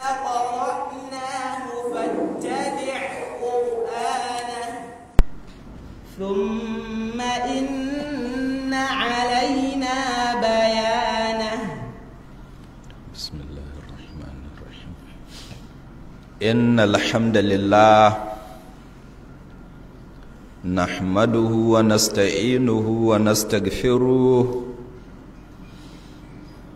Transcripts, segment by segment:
قرأناه فاتبع قرآنه ثم إن علينا بيانه بسم الله الرحمن الرحيم إن الحمد لله نحمده ونستعينه ونستغفره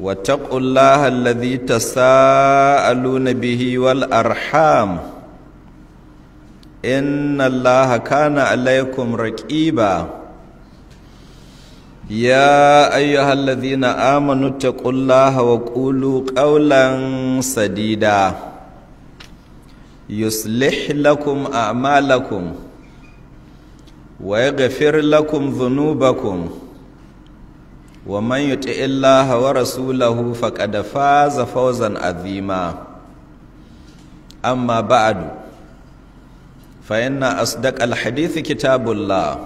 واتقوا الله الذي تساءلون به والأرحام إن الله كان عليكم رقيبا يا أيها الذين آمنوا اتقوا الله وقولوا قولا سديدا يصلح لكم أعمالكم ويغفر لكم ذنوبكم ومن يطع الله ورسوله فقد فاز فوزا عظيما أما بعد فإن أصدق الحديث كتاب الله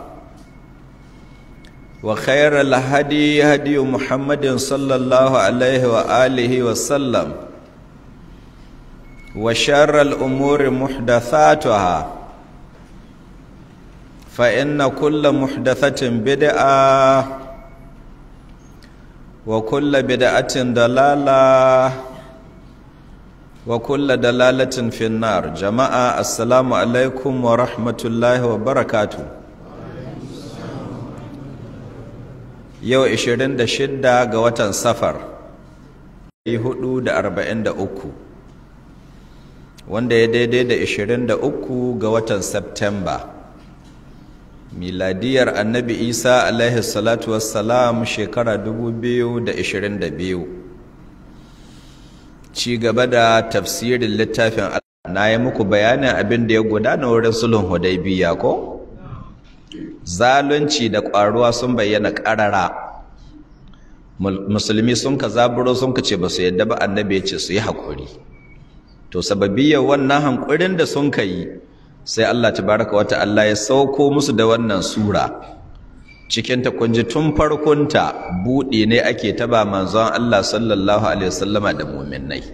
وخير الهدي هدي محمد صلى الله عليه وآله وسلم وشر الأمور محدثاتها فإن كل محدثة بدعة wa kula bid'atin dalala wa kulla dalalatin finnar jama'a assalamu alaikum wa rahmatullahi wa barakatu. yau 26 ga watan safar yi da arba'in da uku wanda ya daidai da 23 ga watan september 2023 miladiyar annabi isa alaihi salatu wassalam shekara 2022 ci gaba da tafsirin littafin na yi muku bayanin abin da ya gudana wurin sulhun hudaybiya ko zalunci da ƙwaruwa sun bayyana ƙarara musulmi sun ka zaburo sun ka ce ba su yadda ba annabi ya ce su yi haƙuri to sababiyar wannan hankurin da sun ka yi sai Allah tabaraka wata Allah ya sauko musu da wannan sura cikin ta kunji tun farkonta buɗe ne ake taba manzon Allah sallallahu alaihi wasallama da mu'minai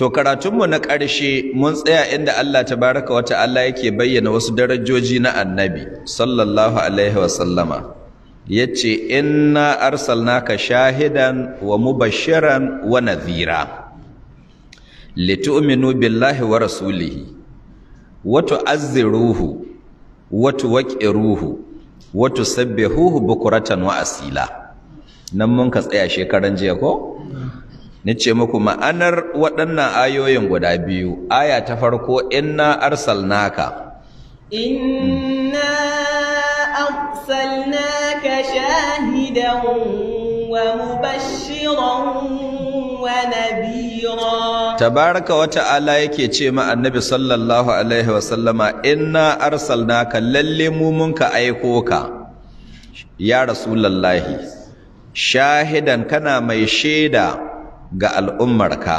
to karatunmu na ƙarshe mun tsaya inda Allah tabaraka wata Allah yake bayyana wasu darajoji na annabi sallallahu alaihi wasallama yace inna arsalnaka shahidan wa mubashiran wa nadhira litu'minu billahi wa rasulihi wato azziruhu wato watu wato ruhu bukuratan wa asila nan mun ka tsaya shekaran jiya ko nace muku ma'anar waɗannan ayoyin guda biyu aya ta farko inna naka inna arsalnaka shahidan wa mubashiran tabaraka wata ala yake ce ma annabi sallallahu alaihi wa sallama, inna arsalnaka lalle mu ka aiko ka ya rasulullahi shahidan kana mai shaida ga al'ummarka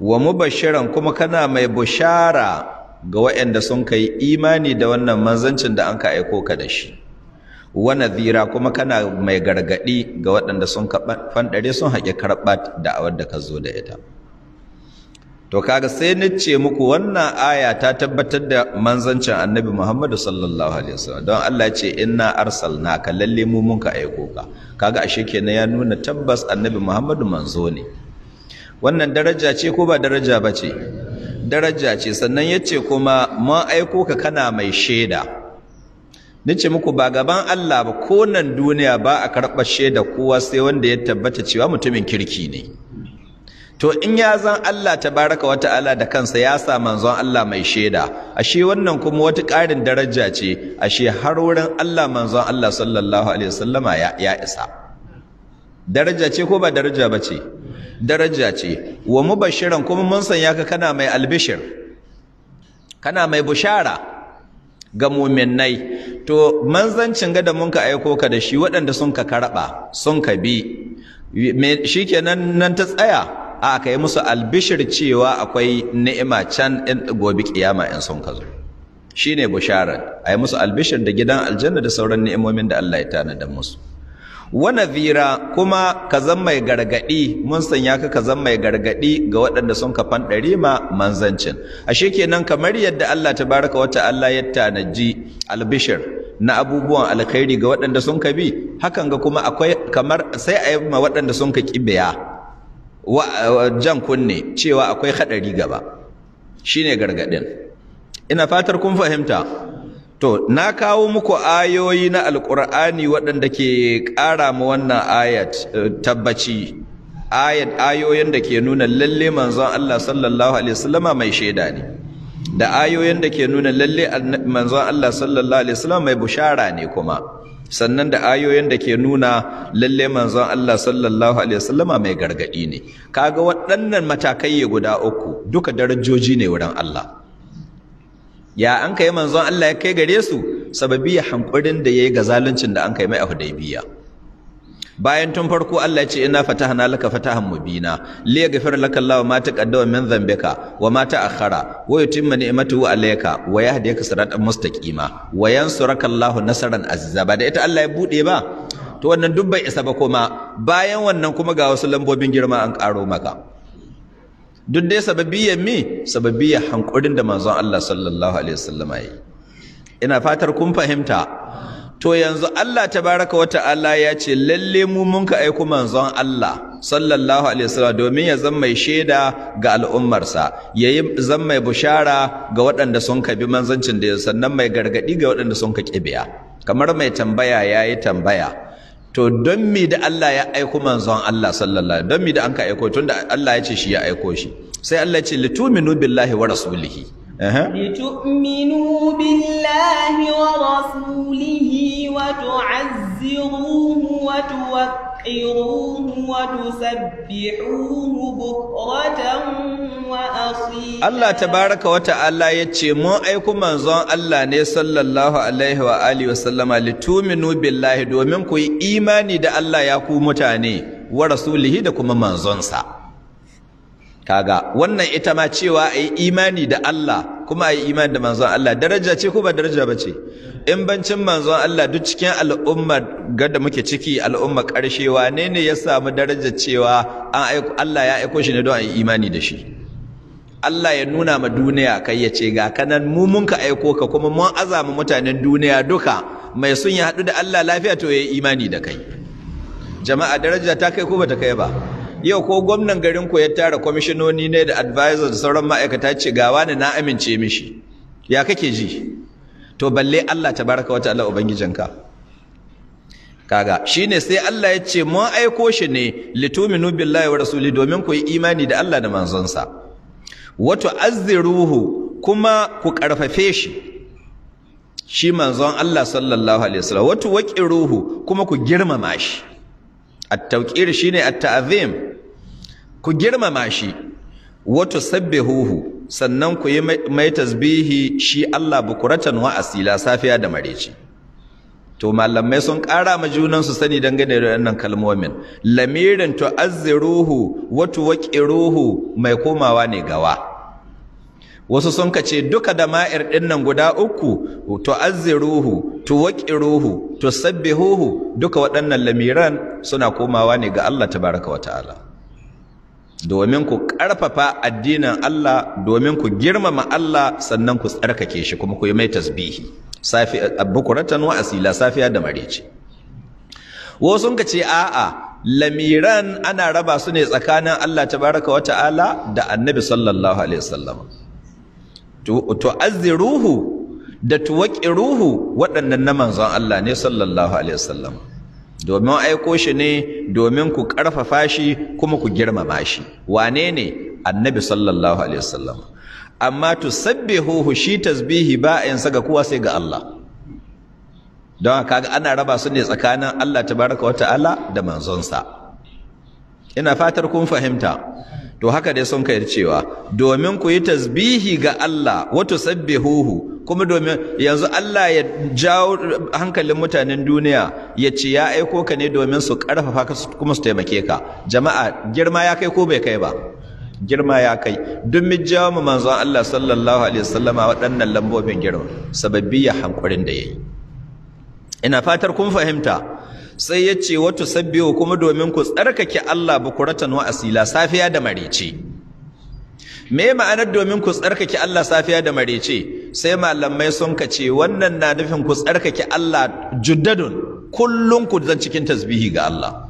wa mubashiran kuma kana mai bushara ga waɗanda sun kai imani da wannan manzancin da an ka aiko ka da shi wana zira kuma kana mai gargadi ga waɗanda sun fanɗare sun haƙe karɓa da'awar da ka zo da ita to kaga sai ni ce muku wannan aya ta tabbatar da manzancin annabi Muhammadu sallallahu alaihi wasallam don Allah ce inna ka lalle mu mun ka aiko ka kaga ashe kenan ya nuna tabbas annabi Muhammadu manzo ne wannan daraja ce ko ba daraja bace? daraja ce sannan yace kuma mun aiko ka kana mai shaida nace muku ba gaban Allah ba ko nan duniya ba a karɓar shaida kowa sai wanda ya tabbata cewa mutumin kirki ne to in ya zan Allah Ta baraka wata ta'ala da kansa ya sa manzon Allah mai shaida ashe wannan kuma wata ƙarin daraja ce ashe har wurin Allah manzon Allah sallallahu alaihi wasallama ya, ya isa daraja ce ko ba daraja ba ce daraja ce wa mubashiran kuma mun sanya ka kana mai albishir kana mai bushara ga muminai to manzancin ga da mun ka aiko ka da shi waɗanda sun ka karɓa sun ka bi shikenan nan ta tsaya a aka yi musu albishir cewa akwai ni'ima can in gobe kiyama in sun ka zo shine bushara a yi musu albishir da gidan aljanna da sauran ni'imomin da Allah ya tanada musu wa nadhira kuma ka zan mai gargadi mun sanya ka ka zan mai gargaɗi ga waɗanda sun kafan ɗari ma manzancin ashe kenan kamar yadda Allah tabaraka wa Allah ya tanaji albishir na abubuwan alkhairi ga waɗanda sun ka bi hakan ga kuma akwai kamar sai a yi ma waɗanda sun ka kibiya wa jan kunne cewa akwai haɗari gaba shine gargaɗin. ina fatar kun fahimta to na kawo muku ayoyi na alqur'ani waɗanda ke ƙara mu wannan ayat eh, tabbaci ayat ayoyin da ke nuna lalle manzon Allah sallallahu alaihi wasallama mai shaida ne da ayoyin da ke nuna lalle manzon Allah sallallahu alaihi wasallama mai bushara ne kuma sannan da ayoyin da ke nuna lalle manzon Allah sallallahu alaihi wasallama mai gargadi ne kaga waɗannan matakai guda uku duka darajoji ne wurin Allah ya an kai manzon Allah ya kai gare su sababi ya hankurin da yayi ga zaluncin da an kai mai a Hudaybiya bayan tun farko Allah ya ce inna fatahna laka fatahan mubina li yaghfir laka Allah ma taqaddama min dhanbika wa ma ta'akhkhara wa yutimma ni'matahu alayka wa yahdika siratan mustaqima wa yansuraka Allah nasran azza ba da ita Allah ya bude ba to wannan dubban isa ba kuma bayan wannan kuma ga wasu lambobin girma an karo maka duk dai sababiyyar me sababiyyar hankurin da manzon Allah sallallahu alaihi wasallam ya ina fatar kun fahimta to yanzu Allah ta baraka wata Allah ya ce lalle mu mun ka aiko manzon Allah sallallahu alaihi wasallam domin ya zama mai shaida ga al'ummarsa yayi zama mai bushara ga waɗanda sun ka bi manzancin da sannan mai gargadi ga waɗanda sun ka kibiya kamar mai tambaya yayi tambaya to don mi da Allah ya aiko manzon Allah sallallahu don mi da an ka aiko da Allah ya ce shi ya aiko shi sai Allah ya ce lituminu billahi wa rasulihi rasulihi wa tu'azziruhu wa وتوكلوا Allah ta baraka wata Allah ya ce, Mu aiku manzon Allah ne sallallahu Alaihi wa Alihi wa sallama litu billahi domin ku yi imani da Allah ya ku mutane wa rasulihi da kuma manzonsa. Kaga, wannan ita ma cewa a yi imani da Allah. kuma a yi imani da manzon Allah daraja ce ko ba daraja ba ce in bancin manzon Allah duk cikin al'umma da muke ciki al'umma ƙarshe wane ne ya samu daraja cewa an aiko Allah ya aiko shi ne don a yi imani da shi Allah ya nuna ma duniya kai ya ce ga kanan mu mun ka aiko ka kuma mun azama mutanen duniya duka mai sun ya haɗu da Allah lafiya to ya yi imani da kai jama'a daraja ta kai ko ba ta kai ba yau ko gwamnan garin ku ya tara kwamishinoni ne da advisor da sauran ma'aikata ce ga wani na amince mishi ya kake ji to balle Allah tabaraka wa ta'ala ubangijinka kaga shine sai Allah ya ce mun aiko shi ne lituminu billahi wa rasuli domin ku yi imani da Allah da manzonsa wa tu'azziruhu kuma ku karfafe shi shi manzon Allah sallallahu alaihi wasallam wa tuwaqiruhu kuma ku girmama shi at-tawqir shine at-ta'zim ku girmama shi wato huhu, sannan ku yi mai tasbihi shi Allah bukuratan wa asila safiya da mareci to malamai sun ƙara ma junan su sani dangane da wannan kalmomin lamirin tu'azziruhu wa tuwaqiruhu mai komawa ne gawa wasu sun kace duka da ma'ir dinnan guda uku tu'azziruhu tuwaqiruhu tusabbihuhu duka waɗannan lamiran suna komawa ne ga Allah tabaraka wa ta'ala domin ku ƙarfafa addinin Allah domin ku girmama Allah sannan ku tsarkake shi kuma ku yi mai tasbihi safi bukuratan wa asila safiya da marece wasu sun ce a'a lamiran ana raba su ne tsakanin Allah tabaraka wa ta'ala da annabi sallallahu alaihi wasallam ruhu da tuwaqiruhu waɗannan na manzon Allah ne sallallahu alaihi wasallam domin aiko shi ne domin ku ƙarfafa shi kuma ku girmama shi wane ne annabi sallallahu alaihi wasallam amma tusabbihuhu shi tasbihi ba in ga kowa sai ga Allah don kaga ana raba su ne tsakanin Allah Ta baraka tabaraka ta'ala da manzonsa ina fatar kun fahimta to haka dai sun kai cewa domin ku yi tasbihi ga Allah wa tusabbihuhu kuma domin yanzu Allah ya jawo hankalin mutanen duniya ya ce ya aiko ka ne domin su karfafa ka kuma su taimake ka jama'a girma ya kai ko bai kai ba girma ya kai duk mu jawo mu manzon Allah sallallahu alaihi wasallama waɗannan lambobin girma sababbi ya hankurin da yayi ina fatar kun fahimta sai ya ce wata sabbiyo kuma domin ku tsarkake Allah bukuratan wa asila safiya da marece me ma'anar domin ku tsarkake Allah safiya da marece sai malamai sun ce wannan na nufin ku tsarkake Allah juddadun kullun ku zan cikin tasbihi ga Allah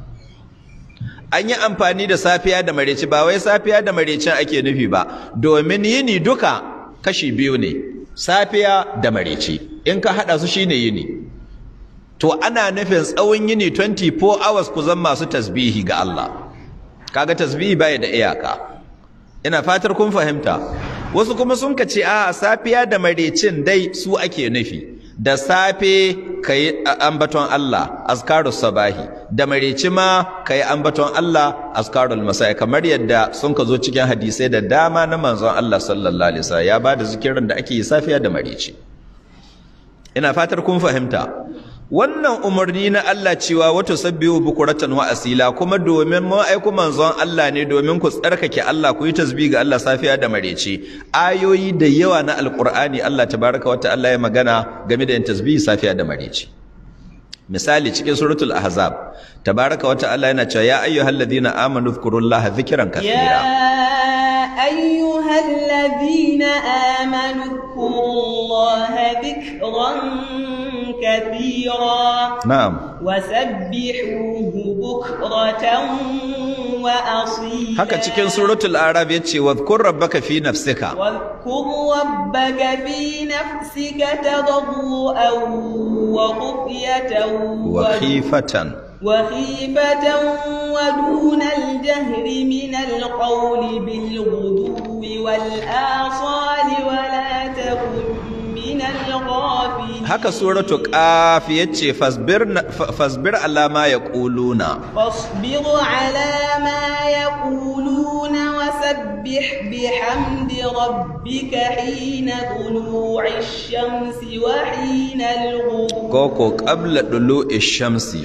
an yi amfani da safiya da marece ba wai safiya da marecen ake nufi ba domin yini duka kashi biyu ne safiya da marece in ka hada su shine yini to ana nufin tsawon yini 24 hours ku zan masu tasbihi ga Allah kaga tasbihi baya da iyaka ina fatar kun fahimta wasu kuma sun ka ce a safiya da marecin dai su ake nufi da safe kai ambaton Allah azkarus sabahi da mareci ma kai ambaton Allah azkarul masa kamar yadda sun ka zo cikin hadisai da dama na manzon Allah sallallahu alaihi wasallam ya bada zikirin da ake yi safiya da marici ina fatar kun fahimta wannan umarni na Allah cewa wata sabbihu bukuratan wa asila kuma domin mun aiku manzon Allah ne domin ku tsarkake Allah ku yi tasbih ga Allah safiya da marece ayoyi da yawa na alqur'ani Allah tabaraka wa ta'ala ya magana game da yin tasbih safiya da marece misali cikin suratul ahzab tabaraka wa ta'ala yana cewa ya ayyuhalladhina amanu fkurullaha dhikran kathira أيها الذين آمنوا اذكروا الله ذكرا كثيرا نعم وسبحوه بكرة وأصيلا هكا تكين سورة الأعراب يتشي واذكر ربك في نفسك واذكر ربك في نفسك تضرؤا وخفية وخيفة وخيفة ودون الجهر من القول بالغدو والآصال ولا تكن من الغافلين هكا سورة كافية فاصبر فاصبر على ما يقولون فاصبر على ما يقولون وسبح بحمد ربك حين طلوع الشمس وحين الغروب كوكو قبل طلوع الشمس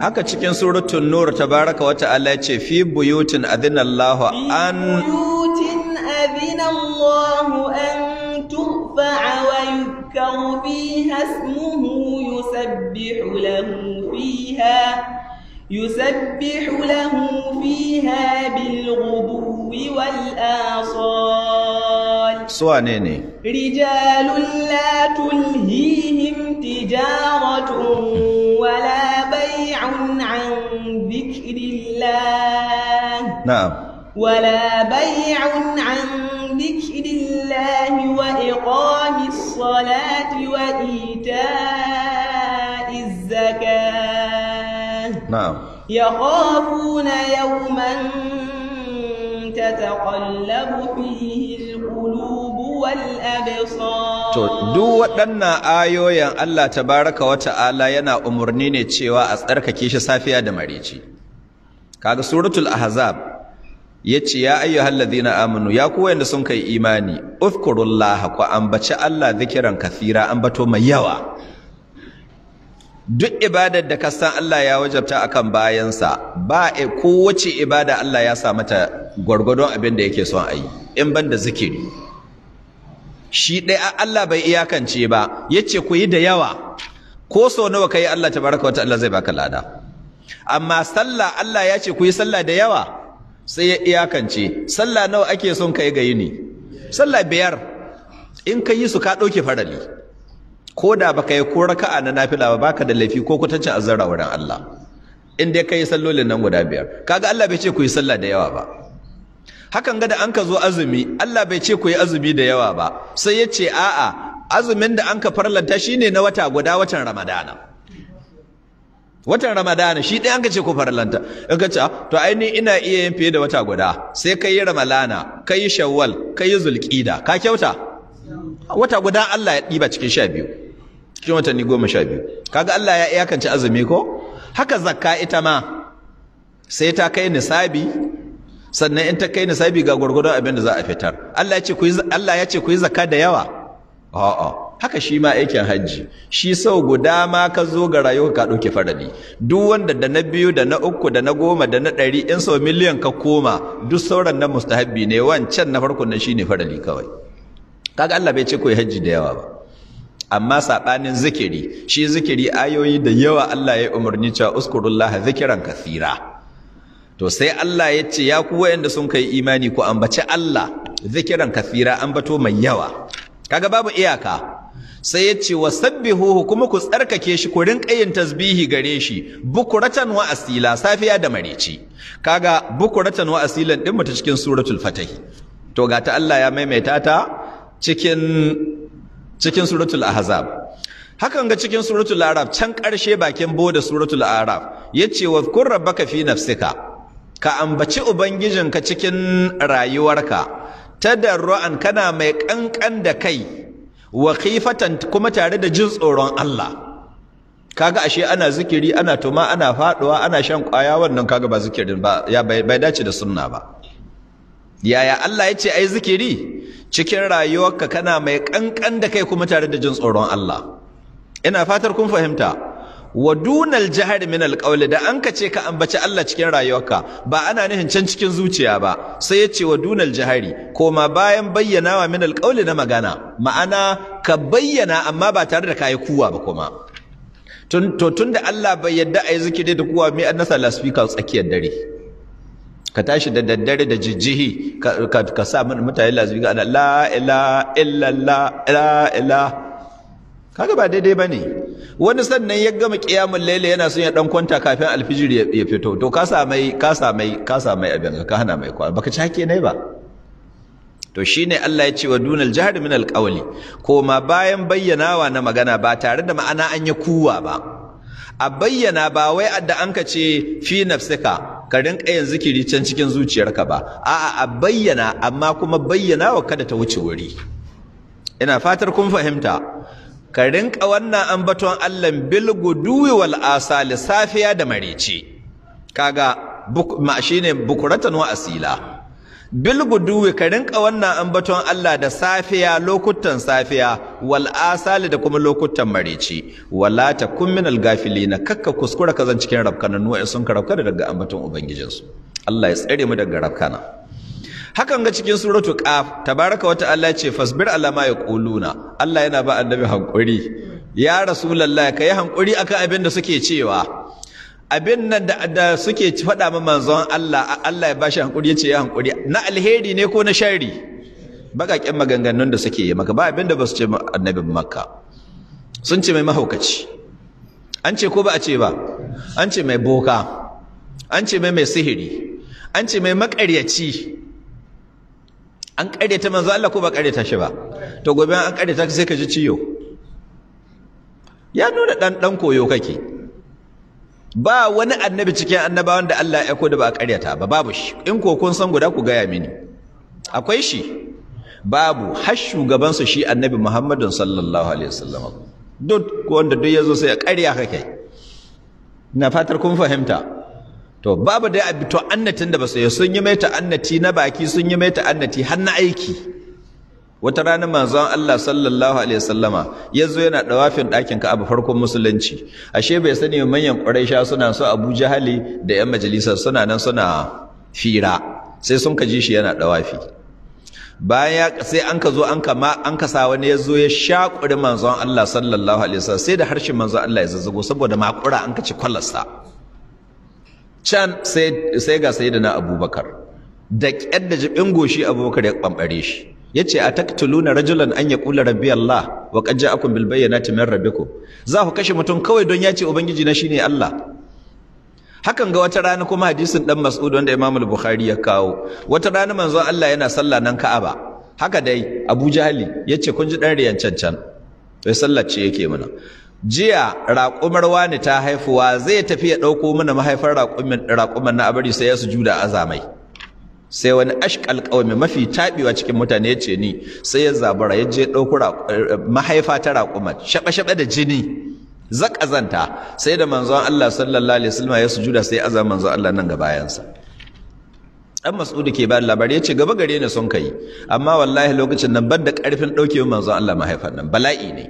haka cikin suratun nur ta baraka wata Allah ce fi buyutin adinallahu an buyutin adinallahu an tufa a wayu kawo biyu hasmuhu yusabbihu lahu fiha يسبح له فيها بالغدو والآصال سوانيني رجال لا تلهيهم تجارة ولا بيع عن ذكر الله نعم ولا بيع عن ذكر الله وإقام الصلاة وإيتاء نعم يخافون ta تتقلب to duk waɗannan ayoyin Allah ta baraka waTa'ala yana umurni ne cewa a tsarkake shi safiya da marici kaga suratul ahzab yace ya ayyuhal ladina amanu ya ku yadda sun kai imani Ufkurullaha, ku ambaci Allah zikiran an bato mai yawa duk ibadar da ka san Allah ya wajabta akan bayansa ba e kowace ibada Allah ya sa mata gwargwadon abin da yake son ayi. in ban da zikiri shi ɗaya Allah bai iyakance ba ya ce ku yi da yawa ko so nawa ka yi Allah ta baraka wata Allah zai baka lada amma sallah Allah ya ce ku yi sallah da yawa sai ya iyakance sallah nawa ake son kai ga yini sallah biyar in ka yi su ka ɗauke farali ko da baka yi ko raka'a na nafila ba baka da laifi ko kwatancin azzara wurin Allah in dai kai sallolin nan guda biyar kaga Allah bai ce ku yi sallah da yawa ba hakan ga da an ka zo azumi Allah bai ce ku yi azumi da yawa ba sai ya ce a'a azumin da an ka farlanta shine na wata guda watan Ramadana watan Ramadana shi ɗaya an ka ce ku farlanta in ka ce ah, to ai ni ina iya yin fiye da wata guda sai ka yi Ramalana ka yi Shawwal ka yi Zulqida ka kyauta wata guda Allah ya ɗiba cikin sha biyu cikin watanni goma sha biyu kaga Allah ya iyakance azumi ko haka zakka ita ma sai ta kai nisabi sannan in ta kai nisabi ga gwargwadon abin da za a fitar Allah ya ce ku yi Allah ya ce zakka da yawa a'a haka shi ma aikin hajji shi sau guda ma ka zo ga rayuwa ka ɗauke faradi duk wanda da na biyu da na uku da na goma da na ɗari in sau miliyan ka koma duk sauran na mustahabbi ne wancan na farkon nan shine faradi kawai kaga Allah bai ce ku yi hajji da yawa ba amma saɓanin zikiri shi zikiri ayoyi da yawa Allah ya umarni cewa uskurullah zikiran kathira to sai Allah ya ce ya ku wayanda sun kai imani ku ambaci Allah zikiran kathira bato mai yawa kaga babu iyaka sai ya ce wasabbihuhu kuma ku tsarkake shi ku rinka yin tasbihi gare shi bukuratan wa asila safiya da mareci kaga bukuratan wa asilan din mu ta cikin suratul fatahi to ga ta Allah ya maimaita ta cikin cikin suratul ahzab hakan ga cikin suratul araf can ƙarshe bakin boda suratul araf yace wa kun rabbaka fi nafsika ka ambaci ubangijinka cikin rayuwarka tadarruan kana mai kankan da kai wa khifatan kuma tare da jin tsoron Allah kaga ashe ana zikiri ana tuma ana faduwa ana shan kwaya wannan kaga ba zikirin ba ya bai dace da sunna ba yaya Allah ya ce ai zikiri cikin rayuwarka kana mai kankan da kai kuma tare da jin tsoron Allah ina fatar kun fahimta wa dunal jahar min alqawli da an ka ce ka ambaci Allah cikin rayuwarka ba ana nihin can cikin zuciya ba sai ya ce wa dunal jahari koma bayan bayyanawa min alqawli na magana ma'ana ka bayyana amma ba tare da kai kuwa ba kuma tun to tunda Allah bai yadda ai zikiri da kuwa mai annasa lasfika tsakiyar dare ka tashi da daddare da jijjihi ka sa mutane lazumi ga la ila illa la ila kaga ba daidai ba ne. wani sannan ya gama ƙiyamun laila yana son ya kwanta kafin alfijir ya fito to ka sa mai ka sa mai ka sa mai abin ka hana mai kwana baka cake ne ba to shine Allah ya ce wa dunal jahr min alqawli koma bayan bayyanawa na magana ba tare da ma'ana an yi kuwa ba a bayyana ba wai adda an ka ce fi nafsika ka rinka yanzu zikiri can cikin zuciyarka ba a'a a bayyana amma kuma bayyana wa kada ta wuce wuri ina fatar kun fahimta ka rinka wannan ambaton Allah bil guduwi wal asali safiya da marece kaga ma shine bukuratan wa asila bil guduwi ka rinka wannan ambaton Allah da safiya lokutan safiya wal'asali da kuma lokutan mareci wala takum minal na kakka kuskura ka zan cikin rabkananu nuwa sun karabka daga ambaton ubangijinsu Allah ya tsere mu daga rabkana hakan ga cikin suratu qaf tabaraka wata Allah ce fasbir ala ma yaquluna Allah yana ba annabi hankuri ya rasulullahi kai hankuri akan abin da suke cewa abin nan da suke faɗa ma manzon Allah Allah ya bashi hankuri ya ce ya hankuri na alheri ne ko na shari? bagaƙen maganganun da suke yi maka ba abinda ba su ce annabin makka sun ce mai mahaukaci an ce ko ba a ce ba an ce mai boka an ce mai mai sihiri an ce mai makaryaci an karyata manzo Allah ko ba karyata shi ba to gobe an karyata sai ka ji ciyo ya nuna dan dan koyo kake ba wani annabi cikin annabawan da Allah ya koda ba a karyata ba babu shi in ko kun san guda ku gaya mini akwai shi babu har shugabansa shi annabi Muhammadu sallallahu alaihi wasallam duk wanda duk ya zo sai ya karya kake na fatar kun fahimta to babu dai abi to annatin da ba sai sun yi mai ta'annati na baki sun yi mai ta'annati har na aiki wata rana manzon Allah sallallahu alaihi wasallama yazo yana dawafin ɗakin abu farkon musulunci ashe bai sani manyan Quraisha suna so Abu Jahali da 'yan majalisa suna nan suna fira sai sun kaji shi yana dawafi bayan sai an ka zo an ka ma an ka sa wani ya zo ya shakuri manzon Allah sallallahu alaihi wasallam sai da harshen manzon Allah ya zazzago saboda makura an ka ci kwallarsa can sai sai ga sayyidina Abubakar da kyar da jibin goshi Abubakar ya bambare shi yace ataqtuluna rajulan an kula rabbi Allah wa qad ja'akum bil bayyinati min rabbikum za ku kashe mutum kawai don ya ce ubangiji na shine Allah hakan ga wata rana kuma hadisin dan Mas'ud wanda Imam al-Bukhari ya kawo wata rana manzo Allah yana sallah nan Ka'aba haka dai Abu Jahali yace kun ji dan riyan cancan sai sallar ce yake mana jiya raƙumar wani ta haifuwa zai tafi ya ɗauko mana mahaifar raƙumin na abari sai ya sujuda azamai sai wani ashqal qaumi mafi taɓewa cikin mutane yace ni sai ya zabara ya je ɗauko eh, mahaifa ta raƙuma shaba shaba da jini zakazanta sai da manzon Allah sallallahu alaihi wasallam ya sujuda sai azan manzon Allah nan ga bayansa dan mas'udu ke ba labari ya ce gaba gare ne sun kai amma wallahi lokacin nan ban da karfin dauke manzon Allah mahaifan nan bala'i ne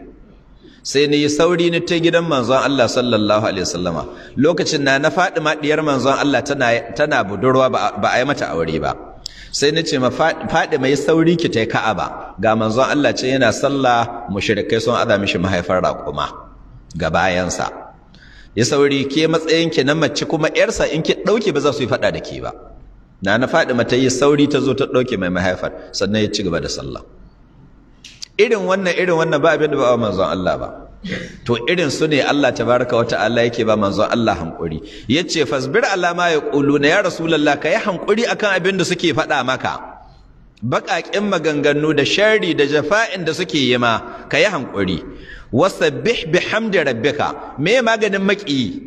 sai ni yi sauri ni ta gidan manzon Allah sallallahu alaihi wasallam lokacin na na faɗi ma diyar manzon Allah tana tana budurwa ba a yi mata aure ba sai na ce ma fadi mai sauri ki ta Ka'aba ga manzon Allah ce yana sallah mushrikai sun aza shi mahaifar raƙuma ga bayansa ya sauri ke matsayin matsayinki na mace kuma yarsa in ki ɗauke ba za su yi faɗa da ke ba na na faɗi mata yi sauri ta zo ta ɗauke mai mahaifar sannan ya ci gaba da sallah irin wannan irin wannan ba abin da ba manzon Allah ba to irin su ne Allah tabaraka wa ta'ala yake ba manzon Allah hankuri ce fasbir alama ya na ya rasulullah kai hankuri akan abin da suke faɗa maka baƙaƙen maganganu da shari da jafa'in da suke yi ma ka yi hankuri bi hamdi rabbika me maganin maƙi?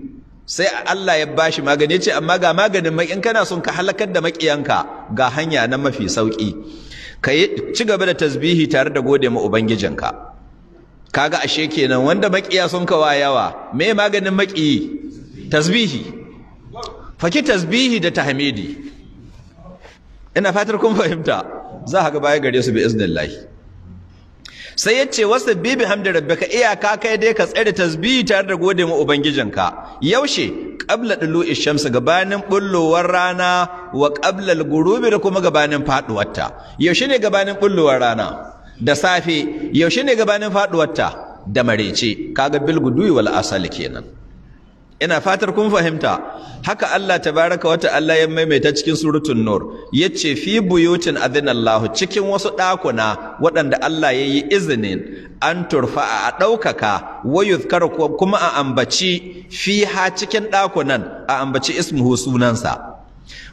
sai Allah ya bashi magani ce amma ga maganin maƙin kana son ka halakar da maƙiyanka ga hanya na mafi sauƙi ka yi ci gaba da tasbihi tare da gode ma ubangijinka kaga ashe kenan wanda maƙiya sun kawa yawa me maganin maƙi? tasbihi faki tasbihi da tahmidi ina fatar kun fahimta za a ga baya gare su bi iznillahi sai ya ce wasu bibi hamdi ka iyaka kai dai ka tsere tasbihi tare da gode ma ubangijinka yaushe qabla dulu'i ishamsa gabanin bullowar rana wa qabla al da kuma gabanin faduwarta yaushe ne gabanin bullowar rana da safe yaushe ne gabanin faduwarta da marece kaga bil guduwi wal asali kenan ina fatar kun fahimta haka Allah tabaraka wa ta'ala ya maimaita cikin suratul nur yace fi buyutin adinallahu cikin wasu dakuna waɗanda Allah ya yi izinin an turfa'a a ɗaukaka wa kuma a ambaci fiha cikin dakunan a ambaci ismuhu sunansa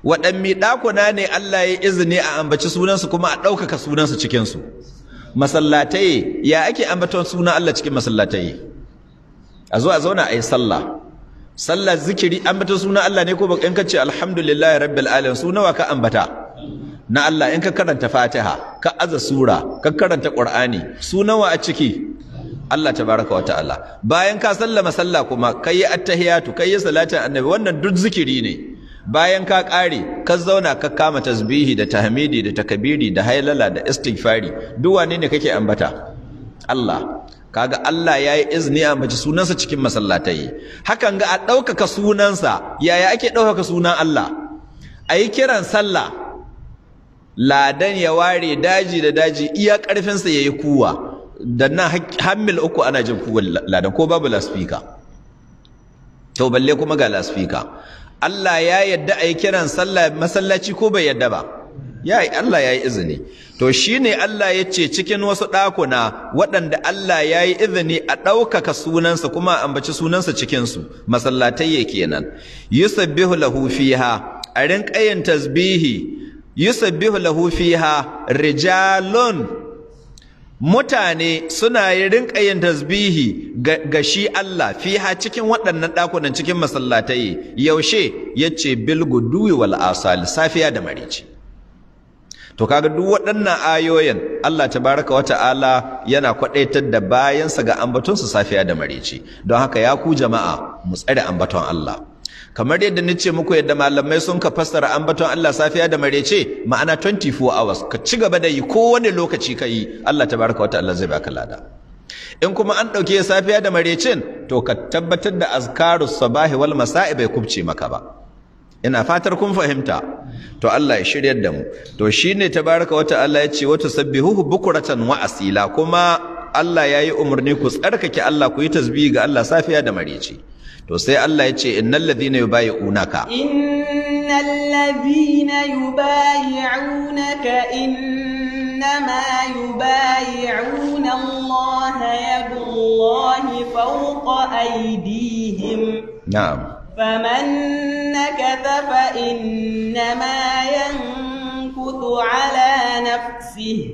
waɗanne ɗakuna ne Allah ya yi izini a ambaci sunansu kuma a ɗaukaka sunansu cikinsu masallatai ya ake ambaton suna Allah cikin masallatai a zo a zauna a yi sallah sallah zikiri ambata suna Allah ne ko ba in ka ce alhamdulillahi rabbil alamin suna wa ka ambata na Allah in ka karanta Fatiha ka aza sura ka karanta Qur'ani suna wa a ciki Allah tabaraka wa ta'ala bayan ka sallama sallah kuma kai attahiyatu kai salatin annabi wannan duk zikiri ne bayan ka kare ka zauna ka kama tasbihi da tahmidi da takabiri da hailala da istighfari duk wane ne kake ambata Allah kaga Allah ya yi izini a mace sunansa cikin masallatai hakan ga a ɗaukaka sunansa yaya ake ɗaukaka sunan Allah a yi kiran sallah ladan ya ware daji da daji iya ƙarfinsa ya yi kuwa da nan hamil uku ana jin kuwa ladan ko babu laspika to balle kuma ga laspika Allah ya yadda a yi kiran sallah masallaci ko bai yadda ba ya Allah ya yi izini to shi ne Allah ya ce cikin wasu ɗakuna waɗanda Allah ya yi izini a ɗaukaka sunansa kuma a ambaci sunansa cikinsu masallatai ya kenan yusabbihu lahu fiha a rinƙayin tasbihi. tasbihi yusabbihu lahu fiha rijalun mutane suna yi rinƙayin tasbihi ga shi Allah fiha cikin waɗannan ɗakunan cikin masallatai yaushe yace bil guduwi wal safiya da marici to kaga duk waɗannan ayoyin Allah tabaraka wa ta'ala yana kwadaitar da bayansa ga ambatonsa safiya da marici. don haka ya ku jama'a mu tsare ambaton Allah kamar yadda ni ce muku yadda malamai sun ka fassara ambaton Allah safiya da marece ma'ana 24 hours ka ci gaba da yi kowane lokaci ka yi Allah tabaraka wa ta'ala zai baka lada in kuma an ɗauke safiya da marecin to ka tabbatar da azkarus sabahi wal masa'i bai kubce maka ba ina fatar kun fahimta to Allah ya shiryar da mu to shine tabaraka wata Allah yace ce wa tasabbihuhu bukratan wa asila kuma Allah ya yi umarni ku tsarkake Allah ku yi tasbihi ga Allah safiya da mareci to sai Allah ya ce innal ladina yubayyi'unaka innal ladhina yubayi'unaka innama yubayyi'una Allah yadullahi fawqa aydihim na'am فمن نكث فإنما ينكث على نفسه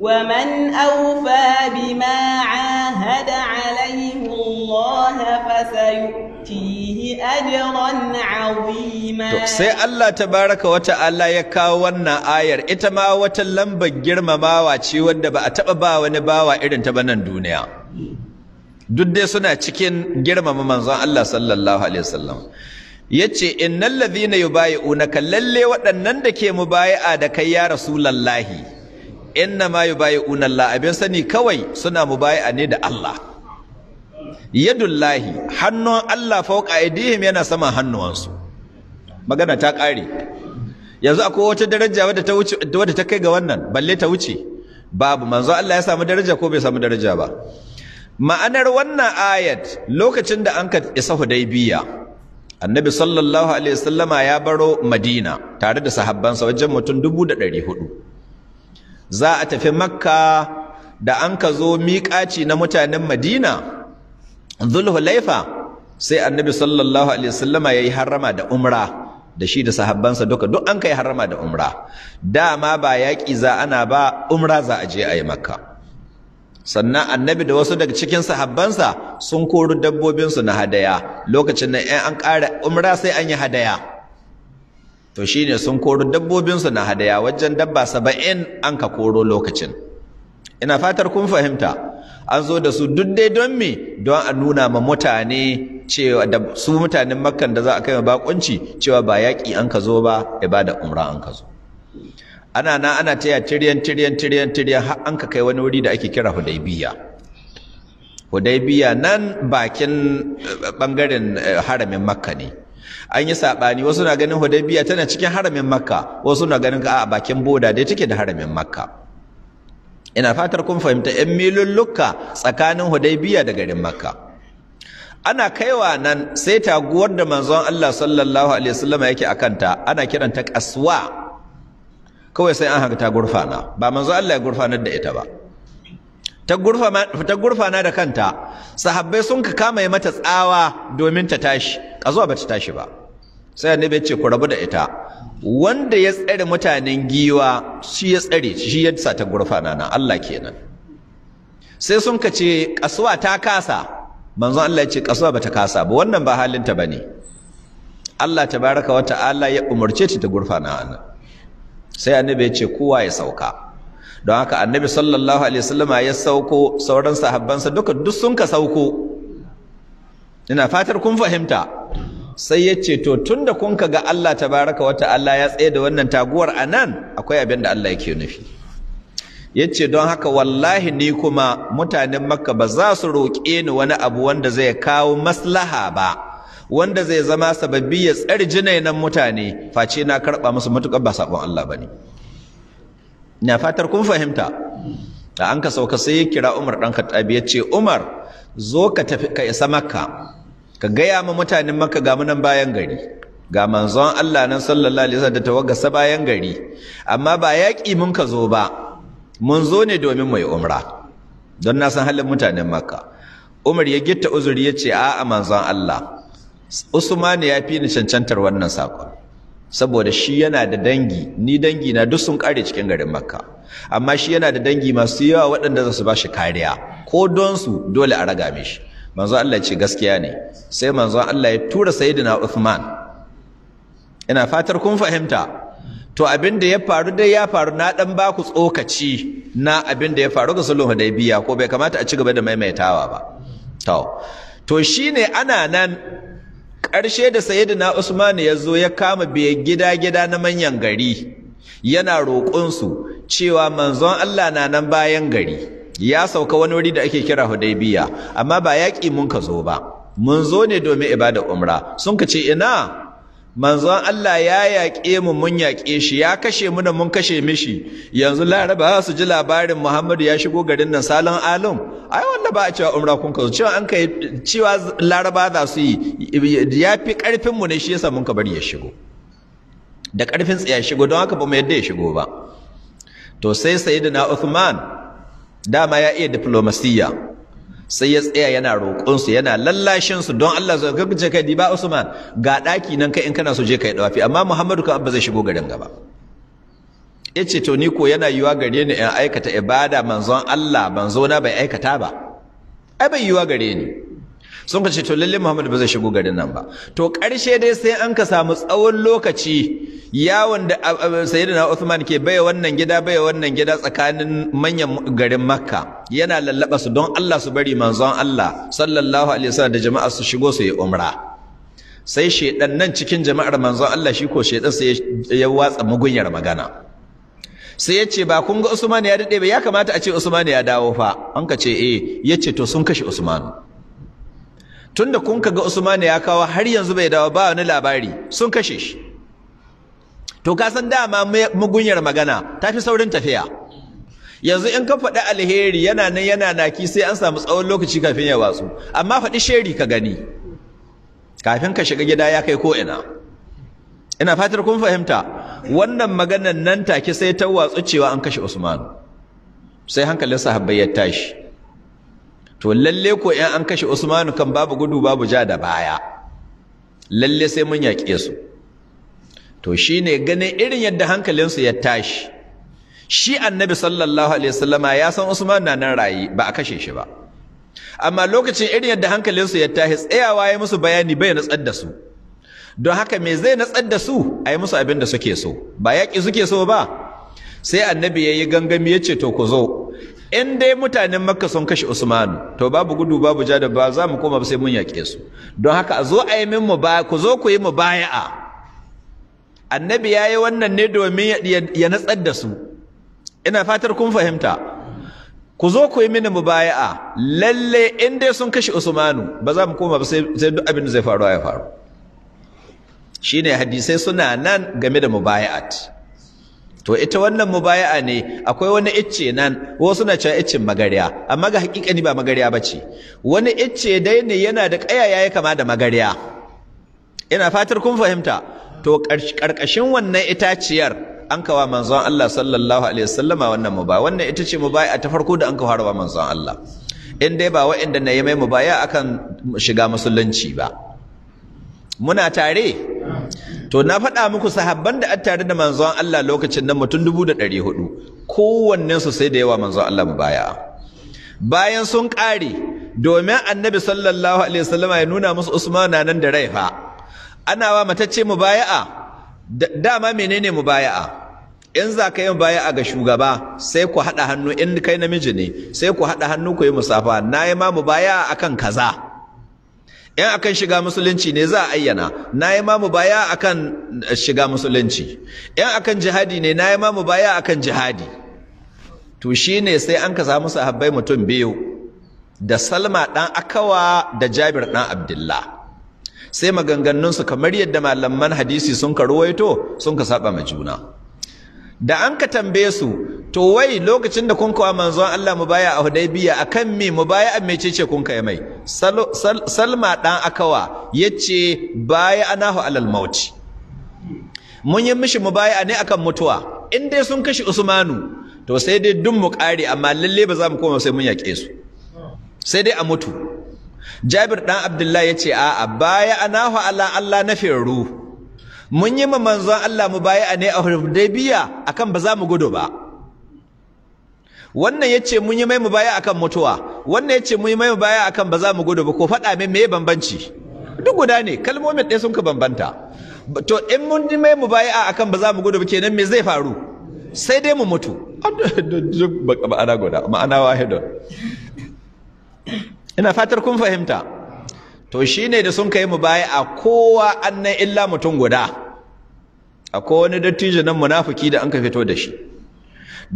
ومن أوفى بما عاهد عليه الله فسيؤتيه أجرا عظيما سي الله تبارك وتعالى يكاو ونا آير إتما وتلمب جرم ما واتشي ودبا أتبا ونبا وإرن تبنا الدنيا duk dai suna cikin girmama manzon Allah sallallahu alaihi wasallam yace innal ladhina yubayi'unaka lalle waɗannan da ke mubayi'a da kai ya rasulullahi inna ma yubayi'una Allah abin sani kawai suna mubayi'a ne da Allah yadullahi hannun Allah fawqa aydihim yana sama hannuwansu magana ta ƙare yanzu akwai wata daraja wadda ta wuce wadda ta kai ga wannan balle ta wuce babu manzo Allah ya samu daraja ko bai samu daraja ba ma'anar wannan ayat lokacin da an ka isa hudaibiya annabi sallallahu alaihi wasallama ya baro madina tare da sahabbansa wajen mutum dubu da ɗari hudu za a tafi makka da an ka zo miƙaci na mutanen madina zulhulaifa sai annabi sallallahu alaihi wasallama ya yi harama da umra da shi da sahabbansa duka duk an ka yi harama da umra dama ba yaƙi za ana ba umra za a je a yi makka sannan annabi da wasu daga cikin sahabbansa sun kori dabbobinsu na hadaya lokacin nan 'yan an ƙara umra sai an yi hadaya to shine sun kori dabbobinsu na hadaya wajen dabba saba'in an ka koro lokacin ina fatar kun fahimta an zo da su duk dai don me don a nuna ma mutane cewa da su mutanen makkan da za a kai ma bakunci cewa ba yaƙi an ka zo ba ibada umra an ka zo ana na ana taya tiryan tiryan tiryan tiryan har an ka kai wani wuri da ake kira hudaybiya hudaybiya nan bakin eh, bangaren eh, haramin makka ne an yi sabani wasu na ganin hudaybiya tana cikin haramin makka wasu na ganin a bakin boda dai take da haramin makka ina fatar kun fahimta yan milulluka tsakanin hudaybiya da garin makka ana kaiwa nan sai taguwar da manzon Allah sallallahu alaihi wasallam yake akanta ana kiranta kaswa kawai sai an haka ta gurfana ba manzo Allah ya gurfanar da ita ba ta gurfana da kanta sahabbai sun ka kama mata tsawa domin ta tashi kazuwa ba ta tashi ba sai annabi ya ce ku rabu da ita wanda ya tsare mutanen giwa shi ya tsare shi ya sa ta gurfana na Allah kenan sai sun ka ce kasuwa ta kasa manzo Allah ya ce kasuwa ba ta kasa ba wannan ba halinta bane Allah tabaraka wa ta'ala ya umurce ta ta gurfana nan sai annabi ya ce kowa ya sauka don haka annabi sallallahu alaihi wasallam ya sauko sauran sahabbansa duka duk sun ka sauko ina fatar kun fahimta sai ya ce to tunda kun ga Allah tabaraka wata Allah ya tsaye da wannan taguwar anan akwai abin da Allah yake nufi yace don haka wallahi ni kuma mutanen makka ba za su roƙe ni wani abu wanda zai kawo maslaha ba wanda zai zama sababbi ya tsare nan mutane face na karba musu matuƙar ba sabon Allah bane na fatar kun fahimta da an ka sauka sai ya kira Umar dan Khattabi ya ce Umar zo ka tafi ka isa Makka ka gaya ma mutanen Makka ga munan bayan gari ga manzon Allah nan sallallahu alaihi wasallam da tawaggasa bayan gari amma ba yaki mun ka zo ba mun zo ne domin mu yi umra don na san halin mutanen Makka Umar ya gitta uzuri ya ce a'a manzon Allah Usman ya fi ni cancantar wannan sakon saboda shi yana da dangi ni dangi na duk sun kare cikin garin Makka amma shi yana da dangi masu yawa waɗanda za su ba shi kariya ko don su dole a raga mishi manzo Allah ya ce gaskiya ne sai manzo Allah ya tura sayyidina Uthman ina fatar kun fahimta to abin da ya faru dai ya faru na dan ba ku tsokaci na abin da ya faru ga da biya. ko bai kamata a ci gaba da maimaitawa ba to to shine ana nan ƙarshe da sayyidina Usman ya zo ya kama bai gida gida na manyan gari yana roƙonsu cewa manzon Allah na nan bayan gari ya sauka wani wuri da ake kira Hudaybiya amma ba yaƙi mun ka zo ba mun zo ne domin ibada umra sun ka ce ina manzon Allah ya yaƙe mu mun yaƙe shi ya kashe mu da mun kashe mishi yanzu laraba su ji labarin Muhammadu ya shigo garin nan salon alum ai wanda ba a cewa umra kun ka cewa an kai cewa laraba za su yi ya fi ƙarfin mu ne shi yasa mun ka bari ya shigo da karfin tsaya shigo don haka ba mu yadda ya shigo ba to sai sayyidina Uthman dama ya iya diplomasiya. sai ya tsaya yana roƙonsu yana lallashinsu don Allah zai ga ka kai ba Usman ga ɗaki nan kai in kana so je kai dawafi amma Muhammadu kan abba zai shigo garin gaba yace to ni ko yana yiwa gare ni in aikata ibada manzon Allah manzo na bai aikata ba ai bai yiwa gare ni sun ce to lalle Muhammad ba zai shigo garin nan ba to ƙarshe dai sai an ka samu tsawon lokaci yawon da sayyidina Uthman ke baya wannan gida baya wannan gida tsakanin manyan garin Makka yana lallaba su don Allah su bari manzon Allah sallallahu alaihi wasallam da jama'a su shigo su yi umra sai shedan nan cikin jama'ar manzon Allah shi ko shedan sai ya watsa mugunyar magana sai ya ce ba kun ga Usman ya dade ba ya kamata a ce Usman ya dawo fa an ka ce eh ce to sun kashe Usman tunda kun ga Usman ya kawo har yanzu bai dawo ba wani labari sun kashe shi to ka san dama mugunyar magana tafi saurin tafiya yanzu in ka faɗi alheri yana nan yana naki sai an samu tsawon lokaci kafin ya watsu amma faɗi sheri ka gani kafin ka shiga gida ya kai ko ina ina fatar kun fahimta wannan maganar nan take sai ta watsu cewa an kashe Usman sai hankalin sahabbai ya tashi to lalle ko in an kashe Usmanu kan babu gudu babu ja da baya lalle sai mun yaƙe su to shine ganin irin yadda hankalin su ya tashi shi annabi sallallahu alaihi wasallama ya san Usman na nan rayi ba a kashe shi ba amma lokacin irin yadda hankalin su ya tashi tsayawa ya musu bayani bai natsar da su don haka me zai natsar da su a yi musu abin da suke so ba yaƙi suke so ba sai annabi ya yi gangami ya ce to ku zo in dai mutanen makka sun kashe usmanu to babu gudu babu jada ba za mu koma sai mun yaƙe su don haka a zo a yi min mubaya ku zo ku yi mubaya'a annabi ya yi wannan ne domin ya natsar da su ina fatar kun fahimta ku zo ku yi mini mubaya'a lalle in dai sun kashe usmanu ba za mu koma sai duk abin da zai faru ya faru shine hadisai suna nan game da mubaya'at to ita wannan mubaya'a ne akwai wani icce nan wasu na cewa iccen magarya amma ga ni ba magarya bace wani icce dai ne yana da ƙayaya ya kama da magarya ina fatar kun fahimta to karkashin wannan itaciyar an kawa manzon Allah sallallahu alaihi wasallama wannan mubaya wannan ita ce baya ta farko da an kawo harba manzon Allah in dai ba waɗanda na yi mai baya akan shiga musulunci ba muna tare to na faɗa muku sahabban da tare da manzon Allah lokacin nan mutum dubu da ɗari hudu sai da yawa manzon Allah mu baya bayan sun ƙare domin annabi sallallahu alaihi wasallama ya nuna musu Usman nan da rai fa ana wa matacce mu baya'a dama menene mu baya'a in za ka yi baya ga shugaba sai ku haɗa hannu in kai namiji ne sai ku haɗa hannu ku yi musafa na yi ma mu baya akan kaza in akan shiga musulunci ne za a ayyana na yi baya a akan eh, shiga musulunci in akan jihadi ne na yi baya a akan jihadi to shi ne sai an ka samu sahabbai mutum biyu da Salma ɗan Akawa da Jabir ɗan Abdullah sai maganganunsu kamar yadda malaman hadisi sun ka ruwaito sun ka saba ma juna da an ka tambaye su to wai lokacin da kun kawo manzon Allah mu baya a Hudaybiya akan me mu baya me cece kun kai mai Salma dan Akawa yace baya anahu alal maut mun yi mishi mu baya ne akan mutuwa in dai sun kashi Usmanu to sai dai dun mu kare amma lalle ba za mu koma sai mun yake su sai dai a mutu Jabir dan Abdullahi yace a'a baya anahu ala Allah na firru mun yi ma manzon Allah mu baya ne a Hudaybiya akan ba za mu gudu ba wannan ya ce mun yi mai mu baya akan mutuwa wannan ya ce mun yi mai mu baya akan ba za mu gudu ba ko faɗa min me bambanci duk guda ne kalmomin ɗaya sun ka bambanta to in mun yi mai mu baya akan ba za mu gudu ba kenan me zai faru sai dai mu mutu ma'ana guda ma'ana wahidun ina fatar kun fahimta to shine da sun kai mu baya a kowa annan illa mutum guda akwai wani dattijo nan munafiki da an ka fito da shi